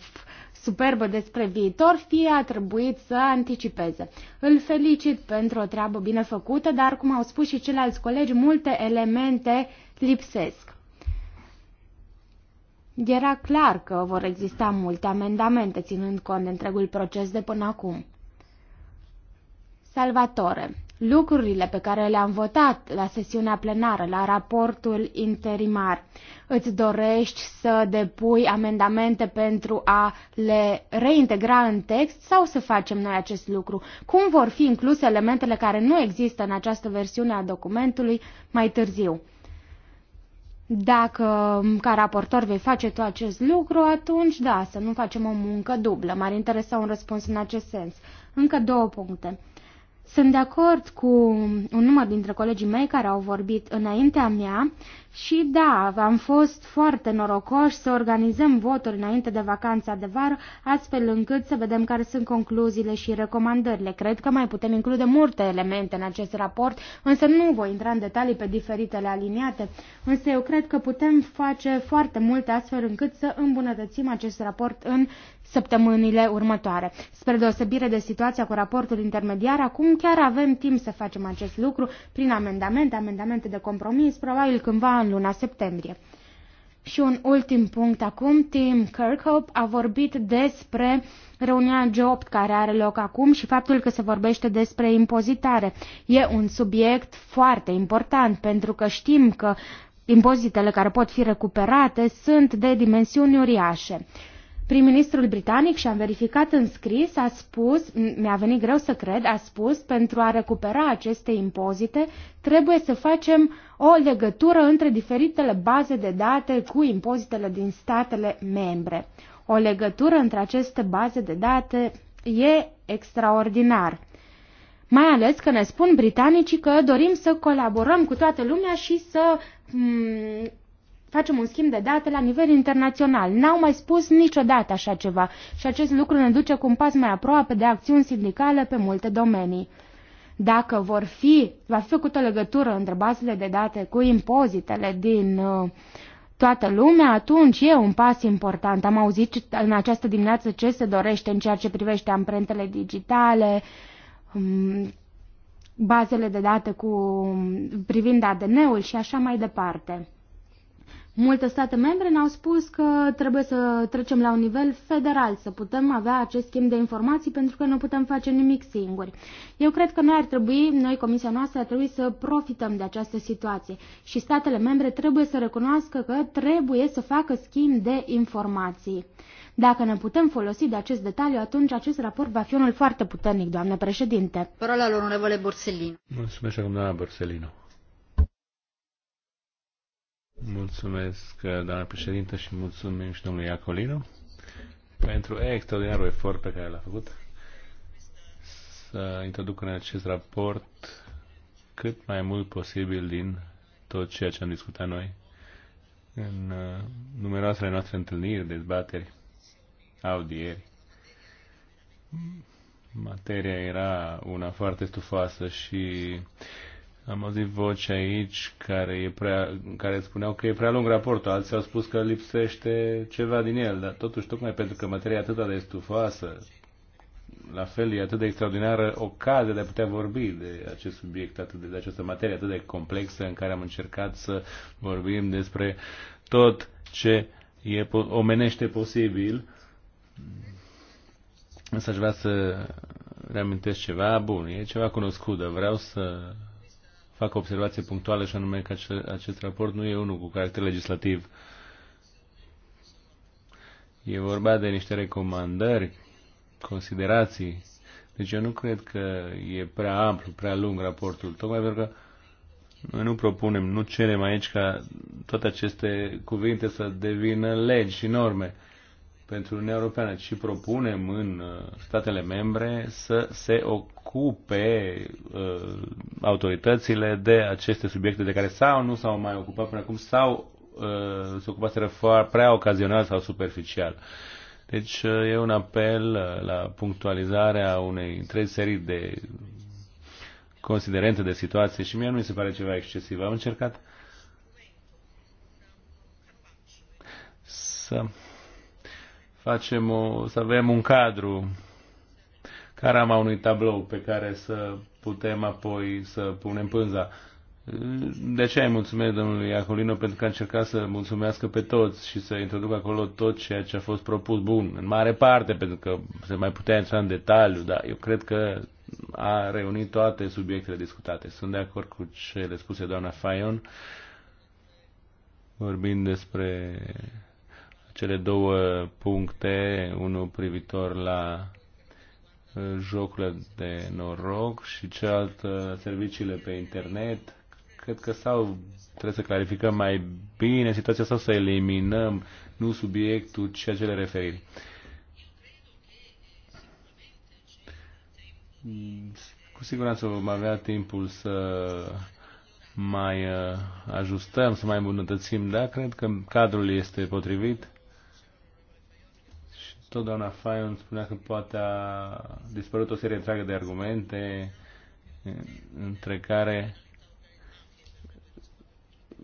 superbă despre viitor, fie a trebuit să anticipeze. Îl felicit pentru o treabă bine făcută, dar, cum au spus și ceilalți colegi, multe elemente uh, lipsesc. Era clar că vor exista multe amendamente, ținând cont de întregul proces de până acum. Salvatore, lucrurile pe care le-am votat la sesiunea plenară, la raportul interimar, îți dorești să depui amendamente pentru a le reintegra în text sau să facem noi acest lucru? Cum vor fi incluse elementele care nu există în această versiune a documentului mai târziu? Dacă mm, ca raportor vei face tu acest lucru, atunci da, să nu facem o muncă dublă. M-ar interesa un răspuns în acest sens. Încă două puncte. Sunt de acord cu un număr dintre colegii mei care au vorbit înaintea mea și da, am fost foarte norocoși să organizăm votul înainte de vacanța de vară, astfel încât să vedem care sunt concluziile și recomandările. Cred că mai putem include multe elemente în acest raport, însă nu voi intra în detalii pe diferitele aliniate. Însă eu cred că putem face foarte multe astfel încât să îmbunătățim acest raport în săptămânile următoare. Spre deosebire de situația cu raportul intermediar, acum chiar avem timp să facem acest lucru prin amendamente, amendamente de compromis, probabil cândva în luna septembrie. Și un ultim punct acum, Tim Kirkhope a vorbit despre reuniunea G8 care are loc acum și faptul că se vorbește despre impozitare. E un subiect foarte important pentru că știm că impozitele care pot fi recuperate sunt de dimensiuni uriașe. Prim-ministrul britanic și-am verificat în scris, a spus, mi-a venit greu să cred, a spus, pentru a recupera aceste impozite, trebuie să facem o legătură între diferitele baze de date cu impozitele din statele membre. O legătură între aceste baze de date e extraordinar. Mai ales că ne spun britanicii că dorim să colaborăm cu toată lumea și să facem un schimb de date la nivel internațional. N-au mai spus niciodată așa ceva și acest lucru ne duce cu un pas mai aproape de acțiuni sindicale pe multe domenii. Dacă vor fi, va fi făcută legătură între bazele de date cu impozitele din uh, toată lumea, atunci e un pas important. Am auzit în această dimineață ce se dorește în ceea ce privește amprentele digitale, um, bazele de date cu, privind ADN-ul și așa mai departe. Multe state membre ne-au spus că trebuie să trecem la un nivel federal, să putem avea acest schimb de informații pentru că nu putem face nimic singuri. Eu cred că noi ar trebui, noi comisia noastră ar trebui să profităm de această situație și statele membre trebuie să recunoască că trebuie să facă schimb de informații. Dacă ne putem folosi de acest detaliu, atunci acest raport va fi unul foarte puternic, doamnă președinte. Parola lor, unevole Borsellino. Mulțumesc, doamna Borsellino. Mulțumesc, doamna președintă, și mulțumim și domnului Iacolino pentru extraordinarul efort pe care l-a făcut să introducă în acest raport cât mai mult posibil din tot ceea ce am discutat noi în uh, numeroasele noastre întâlniri, dezbateri, audieri. Materia era una foarte stufoasă și uh, am auzit voci aici care, e prea, care spuneau că e prea lung raportul, alții au spus că lipsește ceva din el, dar totuși, tocmai pentru că materia e atât de stufoasă, la fel e atât de extraordinară ocazia de a putea vorbi de acest subiect, atât de, de această materie atât de complexă în care am încercat să vorbim despre tot ce e omenește posibil. Însă aș vrea să reamintesc ceva, bun, e ceva cunoscut, dar vreau să fac o observație punctuală și anume că acest raport nu e unul cu caracter legislativ. E vorba de niște recomandări, considerații. Deci eu nu cred că e prea amplu, prea lung raportul, tocmai pentru că noi nu propunem, nu cerem aici ca toate aceste cuvinte să devină legi și norme pentru Uniunea Europeană, ci propunem în uh, statele membre să se ocupe uh, autoritățile de aceste subiecte de care sau nu s-au mai ocupat până acum sau uh, se ocupaseră prea ocazional sau superficial. Deci uh, e un apel uh, la punctualizarea unei trei serii de considerente de situație și mie nu mi se pare ceva excesiv. Am încercat să facem o, să avem un cadru, carama unui tablou pe care să putem apoi să punem pânza. De aceea îi mulțumesc domnului Iacolino pentru că a încercat să mulțumească pe toți și să introducă acolo tot ceea ce a fost propus. Bun, în mare parte, pentru că se mai putea intra în detaliu, dar eu cred că a reunit toate subiectele discutate. Sunt de acord cu ce le spuse doamna Fayon, vorbind despre cele două puncte, unul privitor la uh, jocurile de noroc și celălalt serviciile pe internet. Cred că sau trebuie să clarificăm mai bine situația sau să eliminăm nu subiectul, ci acele referiri. Cu siguranță vom avea timpul să mai uh, ajustăm, să mai îmbunătățim, da? Cred că cadrul este potrivit tot doamna Fayon spunea că poate a dispărut o serie întreagă de argumente, între care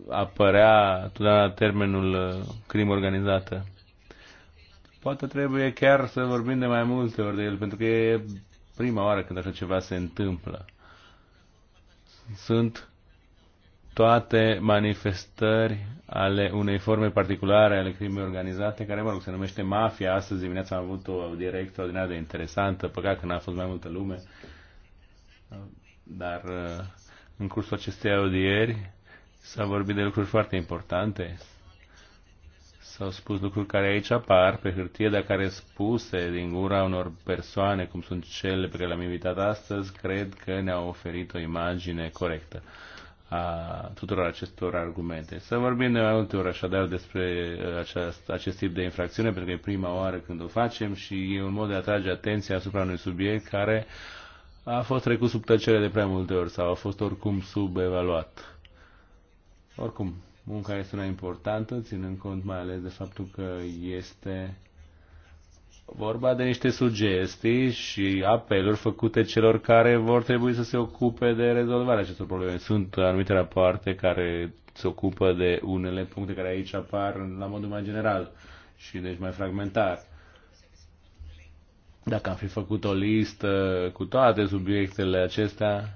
apărea totdeauna termenul uh, crimă organizată. Poate trebuie chiar să vorbim de mai multe ori de el, pentru că e prima oară când așa ceva se întâmplă. Sunt toate manifestări ale unei forme particulare ale crimei organizate, care, mă rog, se numește mafia. Astăzi dimineața am avut o audiere ordinară de interesantă, păcat că n-a fost mai multă lume. Dar uh, în cursul acestei audieri s-a vorbit de lucruri foarte importante. S-au spus lucruri care aici apar pe hârtie, dar care spuse din gura unor persoane, cum sunt cele pe care le-am invitat astăzi, cred că ne-au oferit o imagine corectă a tuturor acestor argumente. Să vorbim de mai multe ori așadar despre uh, aceast, acest tip de infracțiune, pentru că e prima oară când o facem și e un mod de a atrage atenția asupra unui subiect care a fost trecut sub tăcere de prea multe ori sau a fost oricum subevaluat. Oricum, munca este una importantă, ținând cont mai ales de faptul că este vorba de niște sugestii și apeluri făcute celor care vor trebui să se ocupe de rezolvarea acestor probleme. Sunt anumite rapoarte care se ocupă de unele puncte care aici apar la modul mai general și deci mai fragmentar. Dacă am fi făcut o listă cu toate subiectele acestea,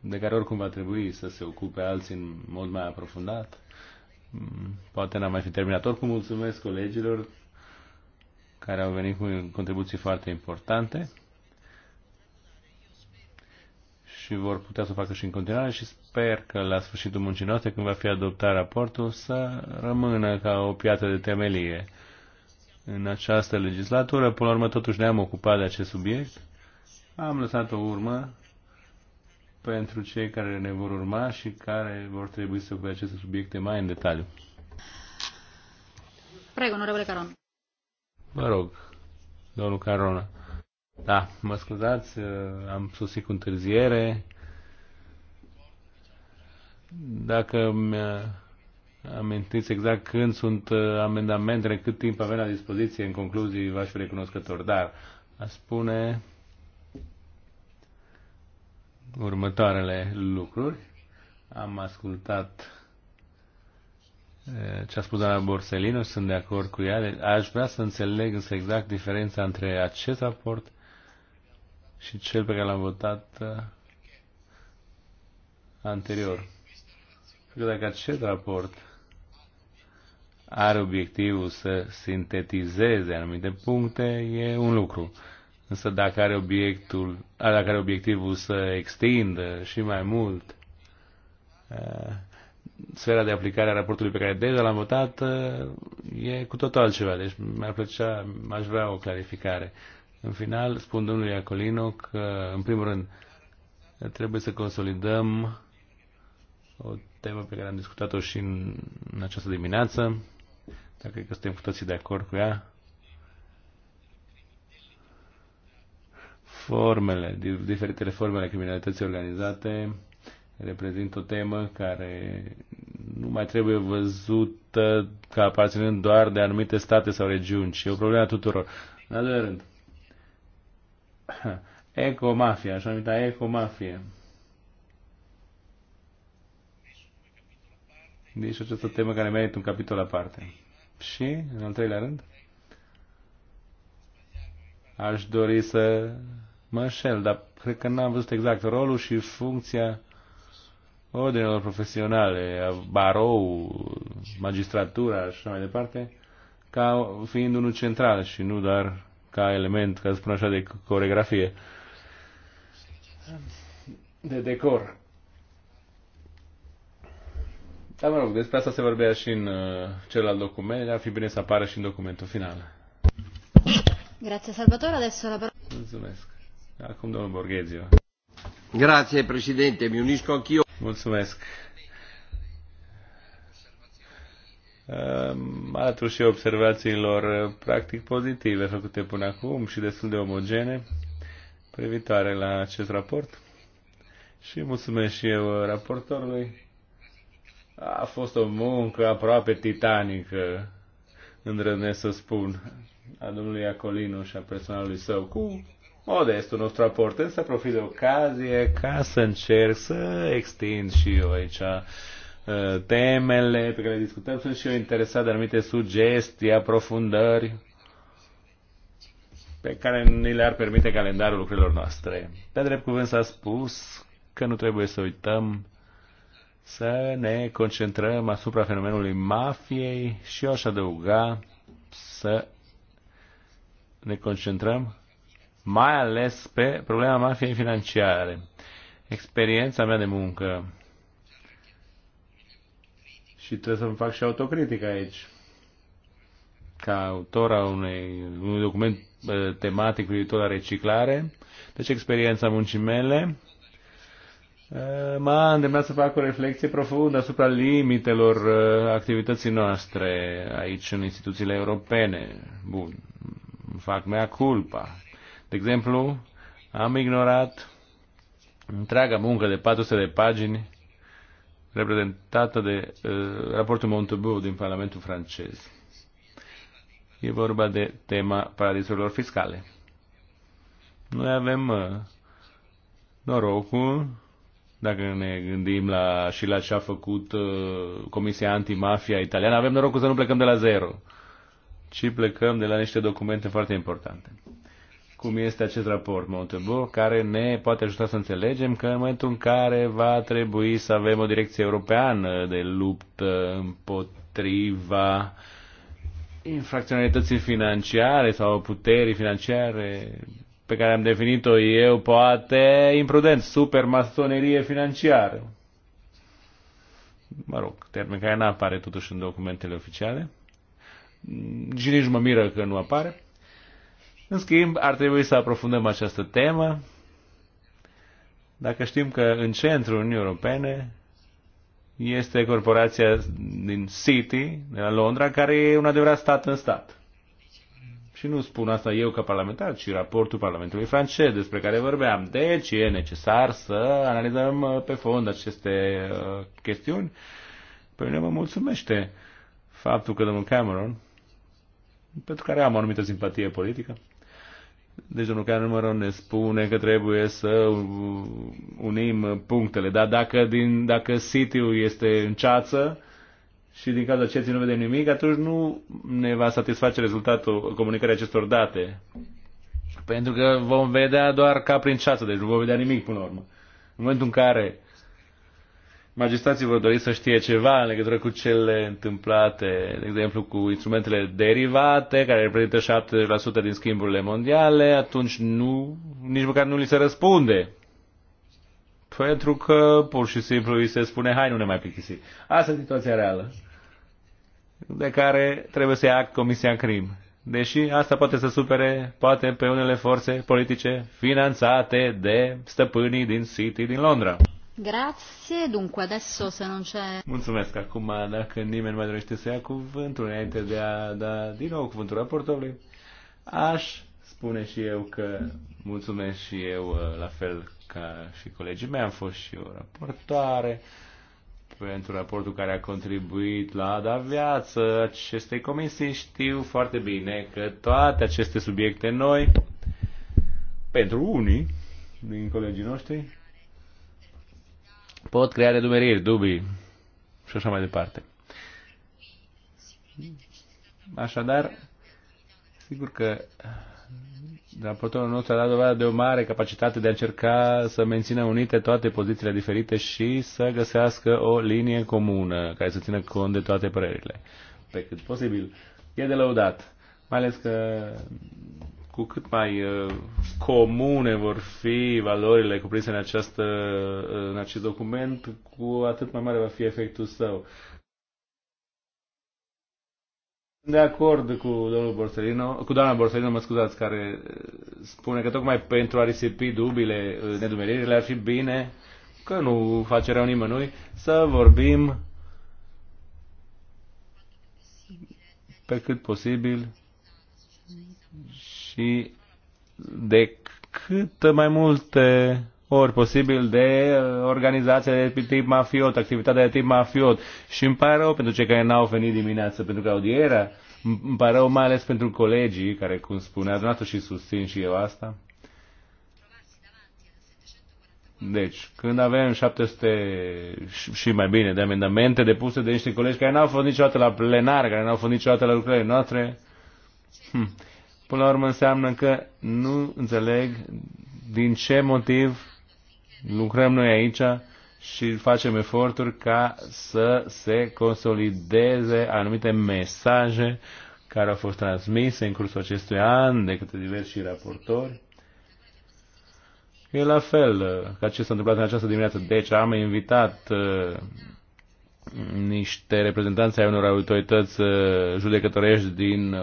de care oricum va trebui să se ocupe alții în mod mai aprofundat, poate n-am mai fi terminat. Oricum mulțumesc colegilor care au venit cu contribuții foarte importante și vor putea să o facă și în continuare și sper că la sfârșitul muncii noastre, când va fi adoptat raportul, să rămână ca o piatră de temelie în această legislatură. Până la urmă, totuși ne-am ocupat de acest subiect. Am lăsat o urmă pentru cei care ne vor urma și care vor trebui să ocupe aceste subiecte mai în detaliu. Prego, onorevole Caron. Mă rog, domnul Carona. Da, mă scuzați, uh, am sosit cu întârziere. Dacă mi-a uh, amintiți exact când sunt uh, amendamentele, cât timp avem la dispoziție, în concluzii v-aș fi recunoscător. Dar a spune următoarele lucruri. Am ascultat ce a spus doamna Borsellino, sunt de acord cu ea. Deci, aș vrea să înțeleg însă exact diferența între acest raport și cel pe care l-am votat uh, anterior. Cred că dacă acest raport are obiectivul să sintetizeze anumite puncte, e un lucru. Însă dacă are, obiectul, dacă are obiectivul să extindă și mai mult uh, sfera de aplicare a raportului pe care deja l-am votat uh, e cu totul altceva, deci mi-ar plăcea, aș vrea o clarificare. În final, spun domnului Acolino că, în primul rând, trebuie să consolidăm o temă pe care am discutat-o și în, în această dimineață, dacă cred că suntem cu toții de acord cu ea. Formele, diferitele formele criminalității organizate, reprezintă o temă care nu mai trebuie văzută ca aparținând doar de anumite state sau regiuni, ci e o problemă a tuturor. În al doilea rând, ecomafia, așa numită ecomafie. Deci această temă care merită un capitol aparte. Și, în al treilea rând, aș dori să mă înșel, dar cred că n-am văzut exact rolul și funcția ordinelor profesionale, barou, magistratura și așa mai departe, ca fiind unul central și nu doar ca element, ca să spun așa, de coregrafie, de decor. Dar mă rog, despre asta se vorbea și în uh, celălalt document, ar fi bine să apară și în documentul final. Grazie Salvatore, adesso la parola. Mulțumesc. Acum domnul Borghezio. Grazie Presidente, mi unisco anch'io. Mulțumesc. Alătul și observațiilor practic pozitive făcute până acum și destul de omogene privitoare la acest raport. Și mulțumesc și eu raportorului. A fost o muncă aproape titanică, îndrăznesc să spun, a domnului Acolinu și a personalului său, cu modest un nostru aport, însă profit de ocazie ca să încerc să extind și eu aici uh, temele pe care le discutăm. Sunt și eu interesat de anumite sugestii, aprofundări pe care ni le-ar permite calendarul lucrurilor noastre. Pe drept cuvânt s-a spus că nu trebuie să uităm să ne concentrăm asupra fenomenului mafiei și eu aș adăuga să ne concentrăm mai ales pe problema mafiei financiare. Experiența mea de muncă și trebuie să-mi fac și autocritică aici. Ca autor al unui, unui document tematic privitor la reciclare, deci experiența muncii mele m-a îndemnat să fac o reflexie profundă asupra limitelor activității noastre aici în instituțiile europene. Bun, fac mea culpa. De exemplu, am ignorat întreaga muncă de 400 de pagini reprezentată de uh, raportul Montebu din Parlamentul francez. E vorba de tema paradisurilor fiscale. Noi avem uh, norocul, dacă ne gândim la, și la ce a făcut uh, Comisia Antimafia Italiană, avem norocul să nu plecăm de la zero, ci plecăm de la niște documente foarte importante cum este acest raport Montebo, care ne poate ajuta să înțelegem că în momentul în care va trebui să avem o direcție europeană de luptă împotriva infracționalității financiare sau puterii financiare pe care am definit-o eu, poate imprudent, supermasonerie financiară. Mă rog, termen care nu apare totuși în documentele oficiale. Și nici mă miră că nu apare. În schimb, ar trebui să aprofundăm această temă dacă știm că în centrul Uniunii Europene este corporația din City, de la Londra, care e un adevărat stat în stat. Și nu spun asta eu ca parlamentar, ci raportul Parlamentului francez despre care vorbeam. Deci e necesar să analizăm uh, pe fond aceste uh, chestiuni. Pe mine mă mulțumește faptul că domnul Cameron, pentru care am o anumită simpatie politică, deci domnul Cameron ne spune că trebuie să unim punctele, dar dacă, din, dacă City-ul este în ceață și din cauza ceții nu vedem nimic, atunci nu ne va satisface rezultatul comunicării acestor date. Pentru că vom vedea doar ca prin ceață, deci nu vom vedea nimic până la urmă. În momentul în care magistrații vor dori să știe ceva în legătură cu cele întâmplate, de exemplu cu instrumentele derivate, care reprezintă 70% din schimburile mondiale, atunci nu, nici măcar nu li se răspunde. Pentru că pur și simplu îi se spune, hai, nu ne mai plictisi. Asta e situația reală de care trebuie să ia Comisia Crim. Deși asta poate să supere, poate, pe unele forțe politice finanțate de stăpânii din City, din Londra. Grazie, dunque adesso se non c'è... Mulțumesc, acum dacă nimeni mai dorește să ia cuvântul înainte de a da din nou cuvântul raportului, aș spune și eu că mulțumesc și eu uh, la fel ca și colegii mei, am fost și eu raportoare pentru raportul care a contribuit la a da viață acestei comisii. Știu foarte bine că toate aceste subiecte noi, pentru unii din colegii noștri, pot crea nedumeriri, dubii și așa mai departe. Așadar, sigur că raportorul nostru a dat dovadă de o mare capacitate de a încerca să mențină unite toate pozițiile diferite și să găsească o linie comună care să țină cont de toate părerile, pe cât posibil. E de lăudat, mai ales că cu cât mai uh, comune vor fi valorile cuprinse în, această, uh, în acest document, cu atât mai mare va fi efectul său. De acord cu domnul Borsellino, cu doamna Borsellino, mă scuzați, care uh, spune că tocmai pentru a risipi dubile, nedumeririle, ar fi bine, că nu face rău nimănui, să vorbim pe cât posibil și de cât mai multe ori posibil de uh, organizația de tip mafiot, activitatea de tip mafiot. Și îmi pare rău pentru cei care n-au venit dimineață pentru că audierea, îmi pare rău mai ales pentru colegii care, cum spunea dumneavoastră și susțin și eu asta. Deci, când avem 700 și mai bine de amendamente depuse de niște colegi care n-au fost niciodată la plenar, care n-au fost niciodată la lucrările noastre, hm, până la urmă înseamnă că nu înțeleg din ce motiv lucrăm noi aici și facem eforturi ca să se consolideze anumite mesaje care au fost transmise în cursul acestui an de către diversi raportori. E la fel uh, ca ce s-a întâmplat în această dimineață. Deci am invitat uh, niște reprezentanți ai unor autorități uh, judecătorești din uh,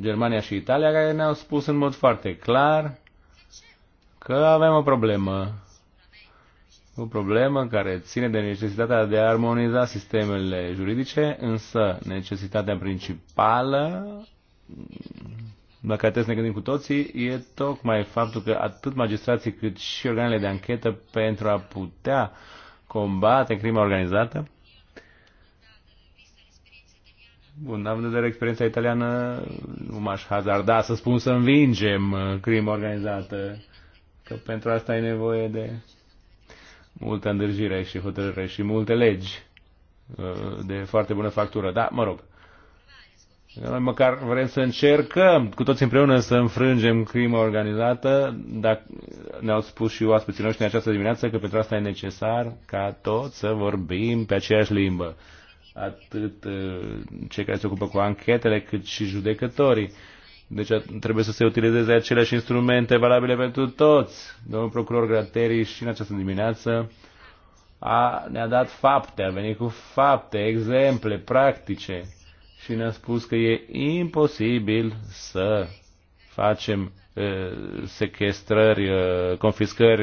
Germania și Italia care ne-au spus în mod foarte clar că avem o problemă. O problemă care ține de necesitatea de a armoniza sistemele juridice, însă necesitatea principală la care trebuie să ne gândim cu toții, e tocmai faptul că atât magistrații cât și organele de anchetă pentru a putea combate crima organizată Bun, având în vedere experiența italiană, nu m-aș hazarda să spun să învingem uh, crimă organizată, că pentru asta e nevoie de multă îndârjire și hotărâre și multe legi uh, de foarte bună factură. Da, mă rog, noi măcar vrem să încercăm cu toți împreună să înfrângem crimă organizată, dar ne-au spus și oaspeții noștri în această dimineață că pentru asta e necesar ca toți să vorbim pe aceeași limbă atât uh, cei care se ocupă cu anchetele, cât și judecătorii. Deci trebuie să se utilizeze aceleași instrumente valabile pentru toți. Domnul procuror Grateri și în această dimineață a, ne-a dat fapte, a venit cu fapte, exemple practice și ne-a spus că e imposibil să facem sequestrări, confiscări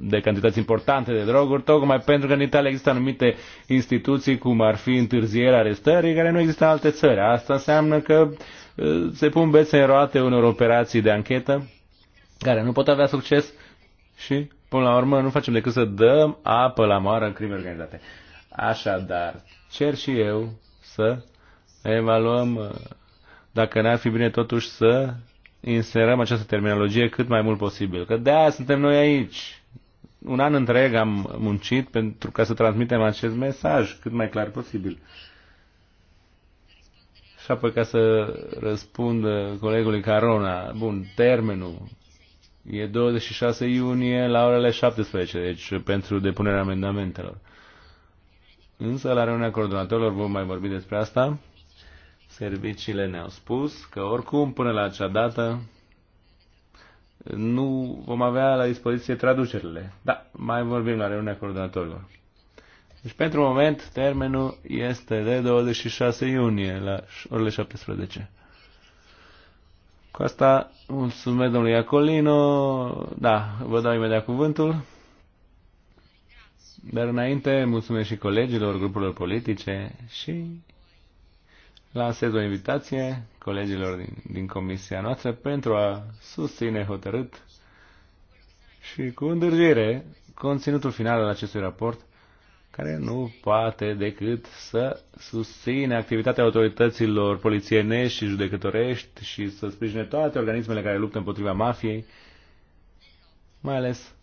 de cantități importante de droguri, tocmai pentru că în Italia există anumite instituții, cum ar fi întârzierea arestării, care nu există în alte țări. Asta înseamnă că se pun bețe în roate unor operații de anchetă care nu pot avea succes și, până la urmă, nu facem decât să dăm apă la moară în crime organizate. Așadar, cer și eu să evaluăm dacă n-ar fi bine totuși să inserăm această terminologie cât mai mult posibil. Că de aia suntem noi aici. Un an întreg am muncit pentru ca să transmitem acest mesaj cât mai clar posibil. Și apoi ca să răspund colegului Carona, bun, termenul e 26 iunie la orele 17, deci pentru depunerea amendamentelor. Însă la reuniunea coordonatorilor vom mai vorbi despre asta Serviciile ne-au spus că oricum până la acea dată nu vom avea la dispoziție traducerile. Da, mai vorbim la reuniunea coordonatorilor. Deci, pentru moment, termenul este de 26 iunie, la orele 17. Cu asta, mulțumesc domnului Iacolino. Da, vă dau imediat cuvântul. Dar înainte, mulțumesc și colegilor, grupurilor politice și lansez o invitație colegilor din, din comisia noastră pentru a susține hotărât și cu îndrăgire conținutul final al acestui raport, care nu poate decât să susține activitatea autorităților polițienești și judecătorești și să sprijine toate organismele care luptă împotriva mafiei, mai ales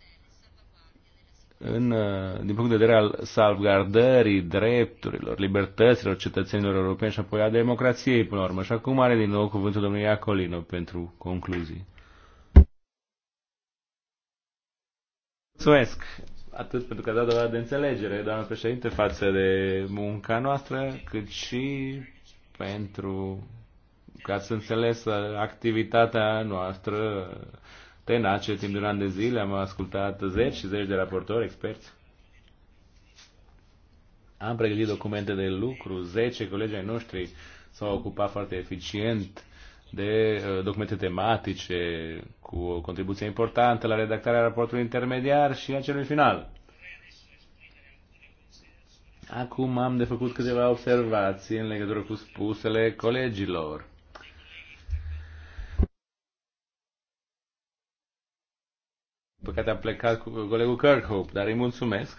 în, uh, din punct de vedere al salvgardării drepturilor, libertăților cetățenilor europeni și apoi a democrației, până la urmă. Și acum are din nou cuvântul domnului Iacolino pentru concluzii. Mulțumesc! Atât pentru că a dat dovadă de înțelegere, doamnă președinte, față de munca noastră, cât și pentru că ați înțeles activitatea noastră tenace timp de un an de zile. Am ascultat zeci și zeci de raportori, experți. Am pregătit documente de lucru, zece colegi ai noștri s-au ocupat foarte eficient de uh, documente tematice cu o contribuție importantă la redactarea raportului intermediar și a celui final. Acum am de făcut câteva observații în legătură cu spusele colegilor. păcate am plecat cu colegul Kirkhope, dar îi mulțumesc.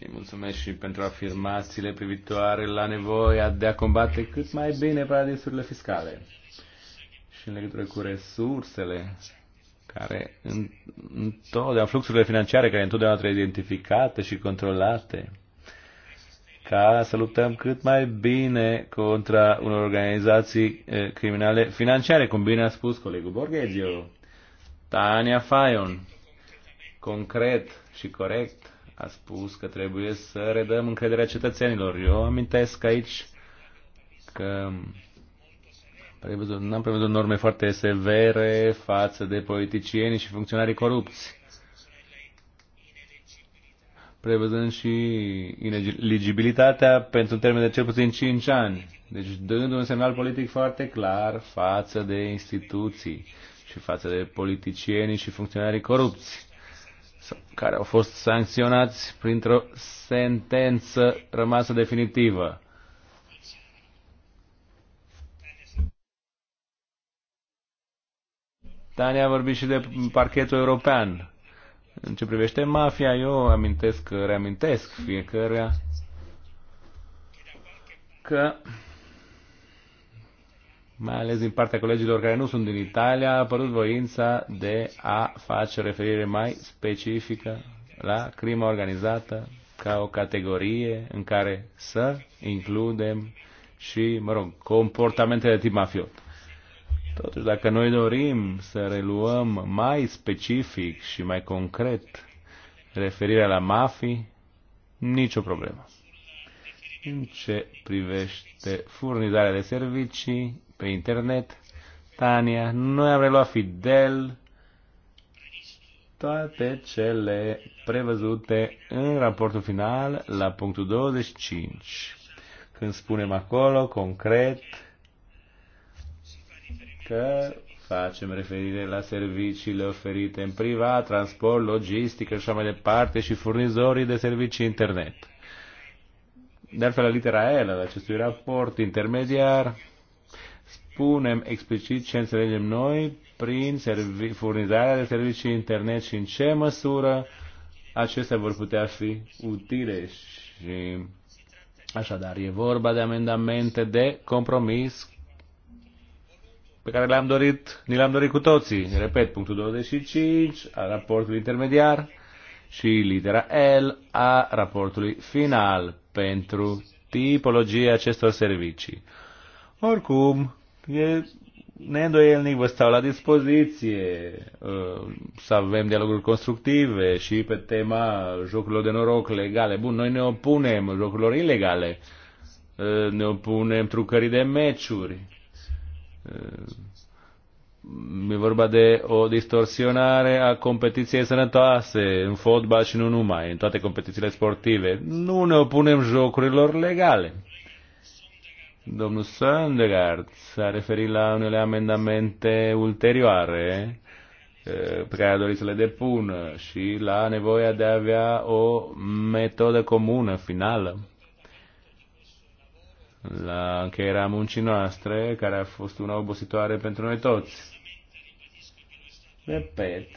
Îi mulțumesc și pentru afirmațiile privitoare la nevoia de a combate cât mai bine paradisurile fiscale și în legătură cu resursele care întotdeauna, fluxurile financiare care întotdeauna trebuie identificate și controlate ca să luptăm cât mai bine contra unor organizații eh, criminale financiare, cum bine a spus colegul Borghezio. Tania Fayon, concret și corect, a spus că trebuie să redăm încrederea cetățenilor. Eu amintesc aici că n-am prevăzut norme foarte severe față de politicieni și funcționarii corupți, prevăzând și ineligibilitatea pentru un termen de cel puțin 5 ani. Deci dând un semnal politic foarte clar față de instituții și față de politicienii și funcționarii corupți care au fost sancționați printr-o sentență rămasă definitivă. Tania a vorbit și de parchetul european. În ce privește mafia, eu amintesc, reamintesc fiecare că mai ales din partea colegilor care nu sunt din Italia, a apărut voința de a face o referire mai specifică la crima organizată ca o categorie în care să includem și, mă rog, comportamentele de tip mafiot. Totuși, dacă noi dorim să reluăm mai specific și mai concret referirea la mafii, nicio problemă. În ce privește furnizarea de servicii, pe internet, Tania, noi am reluat fidel toate cele prevăzute în raportul final la punctul 25. Când spunem acolo, concret, că facem referire la serviciile oferite în privat, transport, logistică și așa mai departe și furnizorii de servicii internet. De altfel, la litera L al acestui raport intermediar spunem explicit ce înțelegem noi prin servi- furnizarea de servicii internet și în ce măsură acestea vor putea fi utile și așadar e vorba de amendamente de compromis pe care le-am dorit, ni le-am dorit cu toții. Repet, punctul 25 a raportului intermediar și litera L a raportului final pentru tipologia acestor servicii. Oricum, E neîndoielnic vă stau la dispoziție uh, să avem dialoguri constructive și pe tema jocurilor de noroc legale. Bun, noi ne opunem jocurilor ilegale, uh, ne opunem trucării de meciuri. Uh, e vorba de o distorsionare a competiției sănătoase în fotbal și nu numai, în toate competițiile sportive. Nu ne opunem jocurilor legale Domnul Söndergaard s-a referit la unele amendamente ulterioare eh, pe care a dorit să le depună și la nevoia de a avea o metodă comună, finală, la încheierea muncii noastre, care a fost una obositoare pentru noi toți. Repet,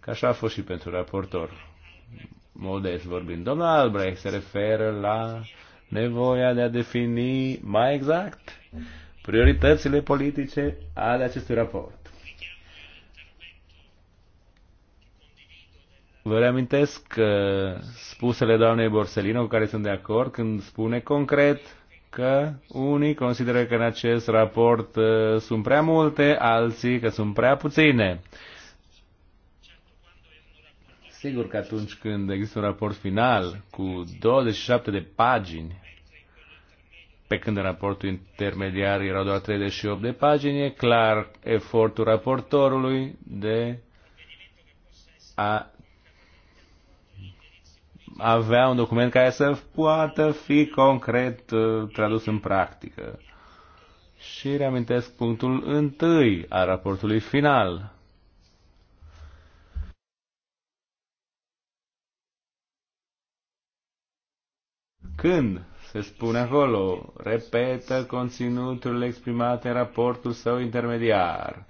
că așa a fost și pentru raportor, modest vorbind. Domnul Albrecht se referă la nevoia de a defini mai exact prioritățile politice ale acestui raport. Vă reamintesc uh, spusele doamnei Borsellino, cu care sunt de acord, când spune concret că unii consideră că în acest raport uh, sunt prea multe, alții că sunt prea puține. Sigur că atunci când există un raport final cu 27 de pagini, pe când în raportul intermediar erau doar 38 de pagini, e clar efortul raportorului de a avea un document care să poată fi concret uh, tradus în practică. Și reamintesc punctul întâi al raportului final. Când se spune acolo, repetă conținuturile exprimate în raportul său intermediar,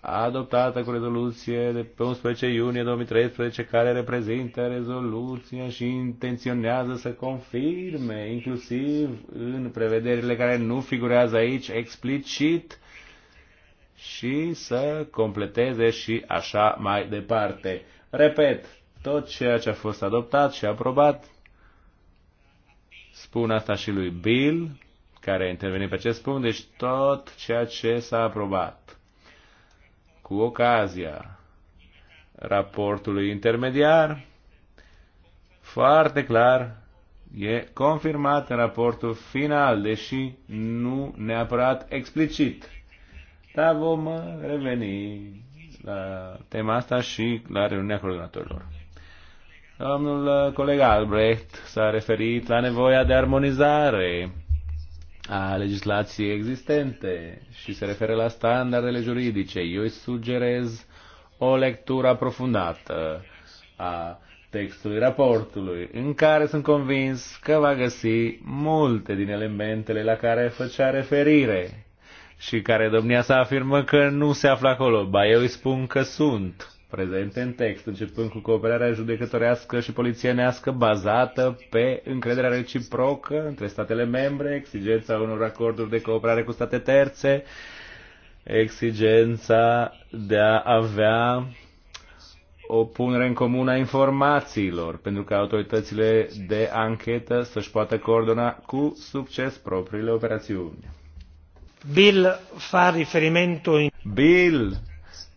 adoptată cu rezoluție de pe 11 iunie 2013, care reprezintă rezoluția și intenționează să confirme, inclusiv în prevederile care nu figurează aici explicit, și să completeze și așa mai departe. Repet, tot ceea ce a fost adoptat și aprobat Spun asta și lui Bill, care a intervenit pe acest punct, deci tot ceea ce s-a aprobat cu ocazia raportului intermediar, foarte clar, e confirmat în raportul final, deși nu neapărat explicit. Dar vom reveni la tema asta și la reuniunea coordonatorilor. Domnul uh, coleg Albrecht s-a referit la nevoia de armonizare a legislației existente și se referă la standardele juridice. Eu îi sugerez o lectură aprofundată a textului raportului, în care sunt convins că va găsi multe din elementele la care făcea referire și care domnia sa afirmă că nu se află acolo. Ba eu îi spun că sunt prezente în text, începând cu cooperarea judecătorească și polițienească bazată pe încrederea reciprocă între statele membre, exigența unor acorduri de cooperare cu state terțe, exigența de a avea o punere în comun a informațiilor, pentru ca autoritățile de anchetă să-și poată coordona cu succes propriile operațiuni. Bill fa riferimento in... Bill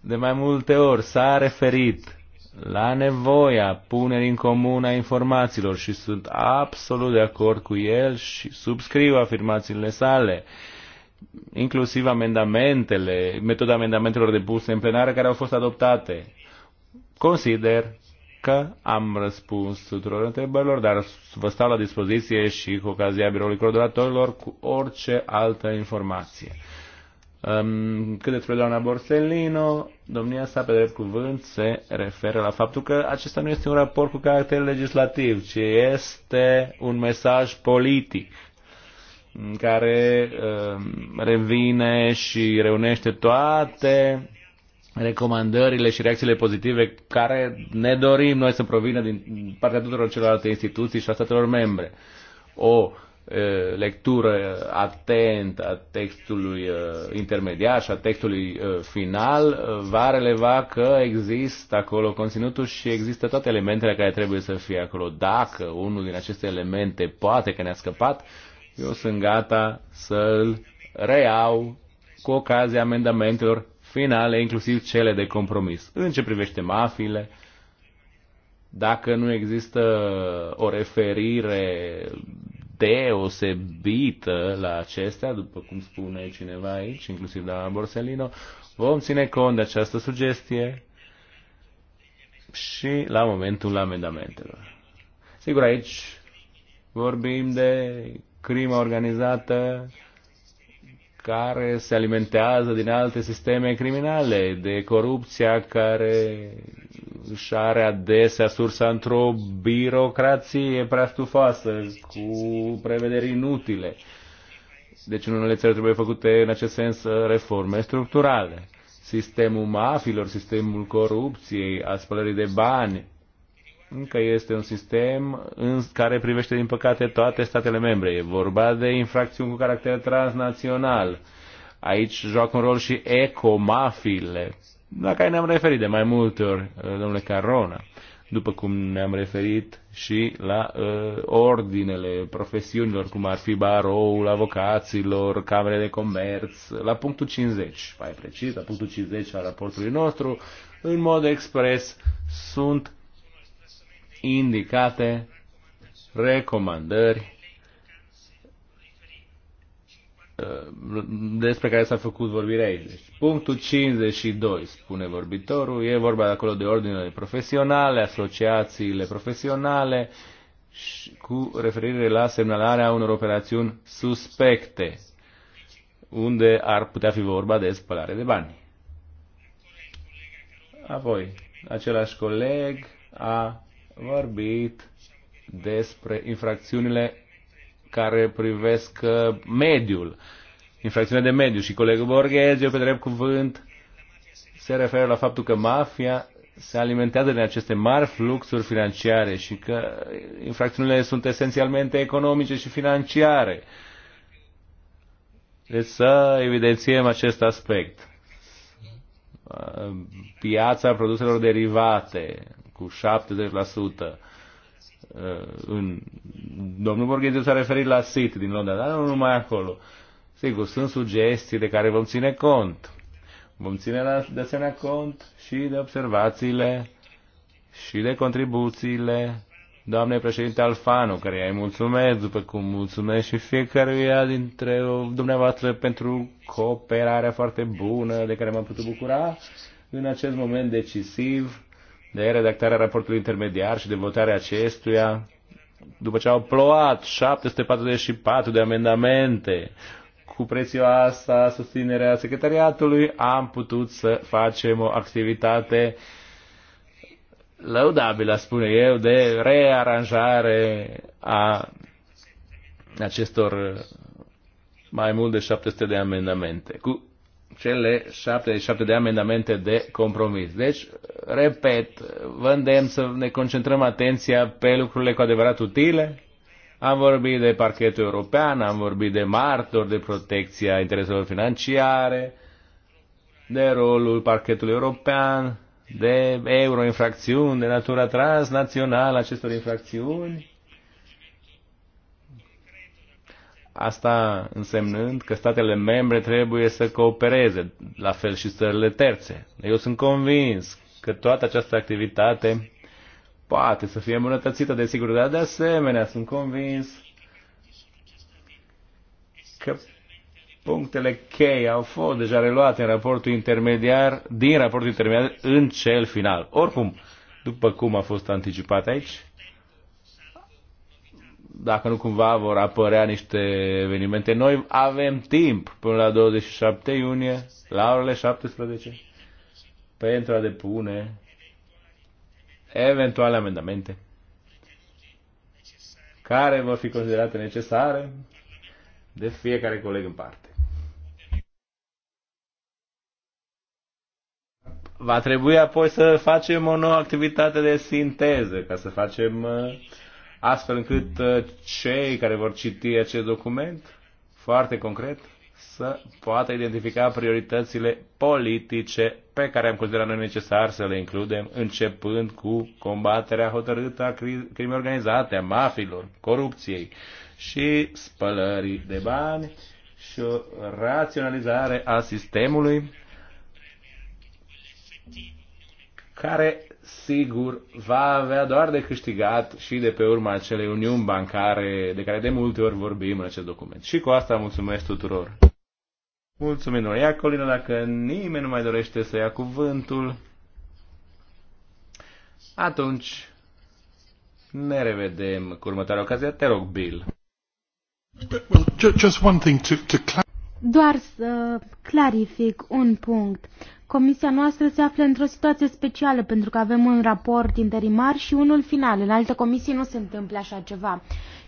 de mai multe ori s-a referit la nevoia punerii în comun a informațiilor și sunt absolut de acord cu el și subscriu afirmațiile sale, inclusiv amendamentele, metoda amendamentelor depuse în plenară care au fost adoptate. Consider că am răspuns tuturor întrebărilor, dar vă stau la dispoziție și cu ocazia biroului coordonatorilor cu orice altă informație. Um, cât despre doamna Borsellino, domnia sa, pe drept cuvânt, se referă la faptul că acesta nu este un raport cu caracter legislativ, ci este un mesaj politic care um, revine și reunește toate recomandările și reacțiile pozitive care ne dorim noi să provină din partea tuturor celorlalte instituții și a statelor membre. O lectură atentă a textului intermediar și a textului final, va releva că există acolo conținutul și există toate elementele care trebuie să fie acolo. Dacă unul din aceste elemente poate că ne-a scăpat, eu sunt gata să-l reiau cu ocazia amendamentelor finale, inclusiv cele de compromis. În ce privește mafile, dacă nu există o referire deosebită la acestea, după cum spune cineva aici, inclusiv la Borsellino, vom ține cont de această sugestie și la momentul amendamentelor. Sigur, aici vorbim de crimă organizată care se alimentează din alte sisteme criminale, de corupția care și are adesea sursa într-o birocrație prea stufoasă, cu prevederi inutile. Deci în unele țări trebuie făcute în acest sens reforme structurale. Sistemul mafilor, sistemul corupției, a spălării de bani, încă este un sistem în care privește, din păcate, toate statele membre. E vorba de infracțiuni cu caracter transnațional. Aici joacă un rol și ecomafile, la care ne-am referit de mai multe ori, uh, domnule Carona, după cum ne-am referit și la uh, ordinele profesiunilor, cum ar fi baroul, avocaților, camere de comerț, la punctul 50, mai precis, la punctul 50 al raportului nostru, în mod expres sunt indicate recomandări Uh, despre care s-a făcut vorbirea aici. Deci, punctul 52, spune vorbitorul, e vorba de acolo de ordinele profesionale, asociațiile profesionale și cu referire la semnalarea unor operațiuni suspecte, unde ar putea fi vorba de spălare de bani. Apoi, același coleg a vorbit despre infracțiunile care privesc uh, mediul, infracțiunea de mediu. Și colegul Borghezi, eu pe drept cuvânt, se referă la faptul că mafia se alimentează din aceste mari fluxuri financiare și că infracțiunile sunt esențialmente economice și financiare. Deci să evidențiem acest aspect. Uh, piața produselor derivate cu 70%, Uh, în... Domnul Borghezeu s-a referit la SIT din Londra, dar nu numai acolo. Sigur, sunt sugestii de care vom ține cont. Vom ține la, de asemenea cont și de observațiile și de contribuțiile doamnei președinte Alfano, care îi mulțumesc, după cum mulțumesc și fiecăruia dintre dumneavoastră pentru cooperarea foarte bună de care m-am putut bucura în acest moment decisiv de redactarea raportului intermediar și de votarea acestuia, după ce au plouat 744 de amendamente cu prețioasa susținerea secretariatului, am putut să facem o activitate lăudabilă, spune eu, de rearanjare a acestor mai mult de 700 de amendamente, cu cele 77 de amendamente de compromis. Deci, repet, vă îndemn să ne concentrăm atenția pe lucrurile cu adevărat utile. Am vorbit de parchetul european, am vorbit de martori, de protecția intereselor financiare, de rolul parchetului european, de euroinfracțiuni, de natura transnațională acestor infracțiuni Asta însemnând că statele membre trebuie să coopereze, la fel și țările terțe. Eu sunt convins că toată această activitate poate să fie îmbunătățită, sigur, dar de asemenea sunt convins că punctele cheie au fost deja reluate în raportul intermediar, din raportul intermediar în cel final. Oricum, după cum a fost anticipat aici, dacă nu cumva vor apărea niște evenimente noi, avem timp până la 27 iunie, la orele 17, pentru a depune eventuale amendamente care vor fi considerate necesare de fiecare coleg în parte. Va trebui apoi să facem o nouă activitate de sinteză ca să facem uh, astfel încât uh, cei care vor citi acest document, foarte concret, să poată identifica prioritățile politice pe care am considerat noi necesar să le includem, începând cu combaterea hotărâtă a crimei organizate, a mafilor, corupției și spălării de bani și o raționalizare a sistemului care sigur, va avea doar de câștigat și de pe urma acelei uniuni bancare de care de multe ori vorbim în acest document. Și cu asta mulțumesc tuturor. Mulțumim, Ia, Colina, dacă nimeni nu mai dorește să ia cuvântul, atunci ne revedem cu următoarea ocazie. Te rog, Bill. Doar să clarific un punct. Comisia noastră se află într-o situație specială pentru că avem un raport interimar și unul final. În alte comisii nu se întâmplă așa ceva.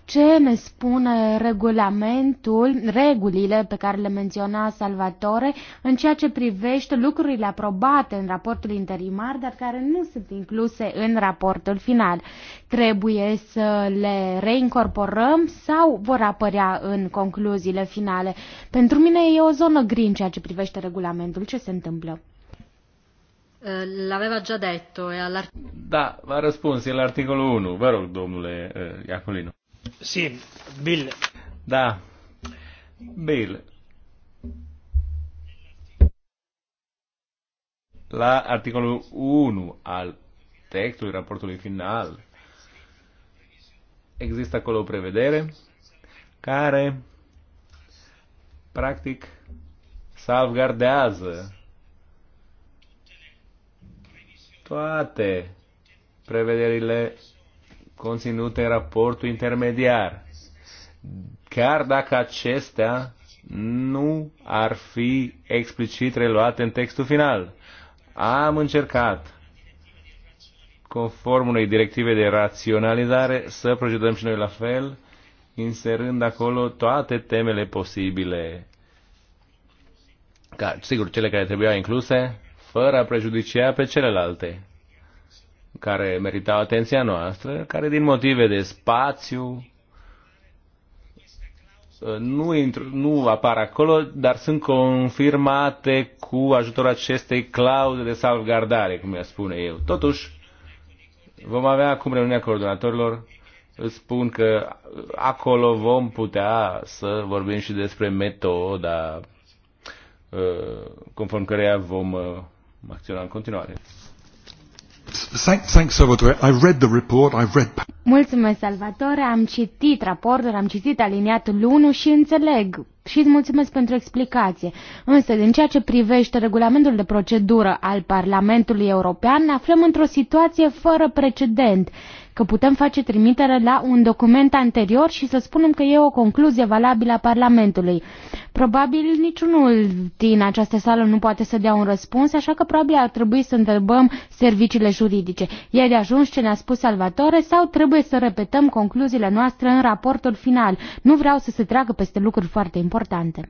Ce ne spune regulamentul, regulile pe care le menționa Salvatore în ceea ce privește lucrurile aprobate în raportul interimar, dar care nu sunt incluse în raportul final? Trebuie să le reincorporăm sau vor apărea în concluziile finale? Pentru mine e o zonă gri în ceea ce privește regulamentul. Ce se întâmplă? Eh, l'aveva già detto e all'articolo... Da, va răspuns, e l'articolul 1. Vă rog, domnule eh, Iacolino. Sì, Bill. Da. Bill. La articolo 1 al textului raportului final există acolo o prevedere care practic salvgardează toate prevederile conținute în raportul intermediar, chiar dacă acestea nu ar fi explicit reluate în textul final. Am încercat, conform unei directive de raționalizare, să procedăm și noi la fel, inserând acolo toate temele posibile. Ca, sigur, cele care trebuiau incluse, fără a prejudicia pe celelalte care meritau atenția noastră, care din motive de spațiu uh, nu, intru, nu apar acolo, dar sunt confirmate cu ajutorul acestei clauze de salvgardare, cum le spune eu. Totuși, vom avea acum reuniunea coordonatorilor. Îți spun că acolo vom putea să vorbim și despre metoda uh, conform căreia vom uh, acționa în continuare. Thanks, Salvatore. read the report, I've read... Mulțumesc, Salvatore. Am citit raportul, am citit aliniatul 1 și înțeleg. Și îți mulțumesc pentru explicație. Însă, din ceea ce privește regulamentul de procedură al Parlamentului European, ne aflăm într-o situație fără precedent că putem face trimitere la un document anterior și să spunem că e o concluzie valabilă a Parlamentului. Probabil niciunul din această sală nu poate să dea un răspuns, așa că probabil ar trebui să întrebăm serviciile juridice. E de ajuns ce ne-a spus Salvatore sau trebuie să repetăm concluziile noastre în raportul final? Nu vreau să se treacă peste lucruri foarte importante.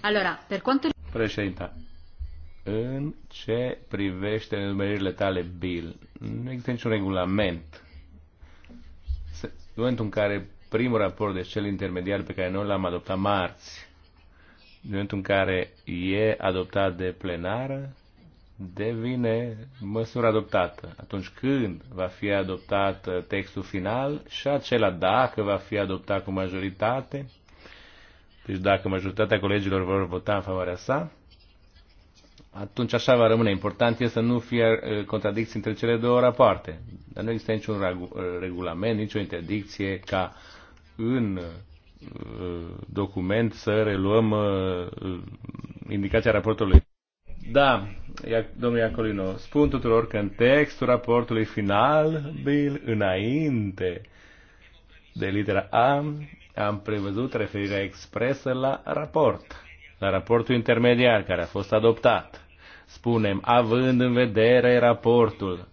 Allora, per quanto... presenta în ce privește numerile tale BIL. Nu există niciun regulament. În momentul în care primul raport de cel intermediar pe care noi l-am adoptat marți, în momentul în care e adoptat de plenară, devine măsură adoptată. Atunci când va fi adoptat uh, textul final și acela dacă va fi adoptat cu majoritate, deci dacă majoritatea colegilor vor vota în favoarea sa, atunci așa va rămâne. Important este să nu fie uh, contradicții între cele două rapoarte. Dar nu există niciun uh, regulament, nicio interdicție ca în uh, document să reluăm indicația raportului. Da, domnul Iacolino, spun tuturor că în textul raportului final, Bill, înainte de litera A, am prevăzut referirea expresă la raport la raportul intermediar care a fost adoptat, spunem, având în vedere raportul.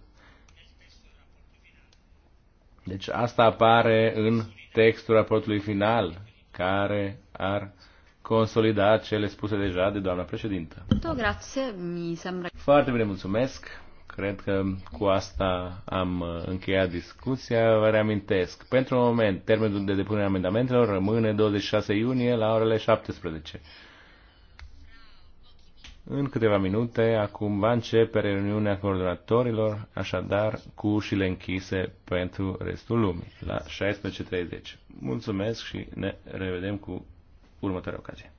Deci asta apare în textul raportului final, care ar consolida cele spuse deja de doamna președintă. Foarte bine, mulțumesc. Cred că cu asta am uh, încheiat discuția. Vă reamintesc, pentru un moment, termenul de depunere a amendamentelor rămâne 26 iunie la orele 17. În câteva minute, acum va începe reuniunea coordonatorilor, așadar cu ușile închise pentru restul lumii, la 16.30. Mulțumesc și ne revedem cu următoarea ocazie.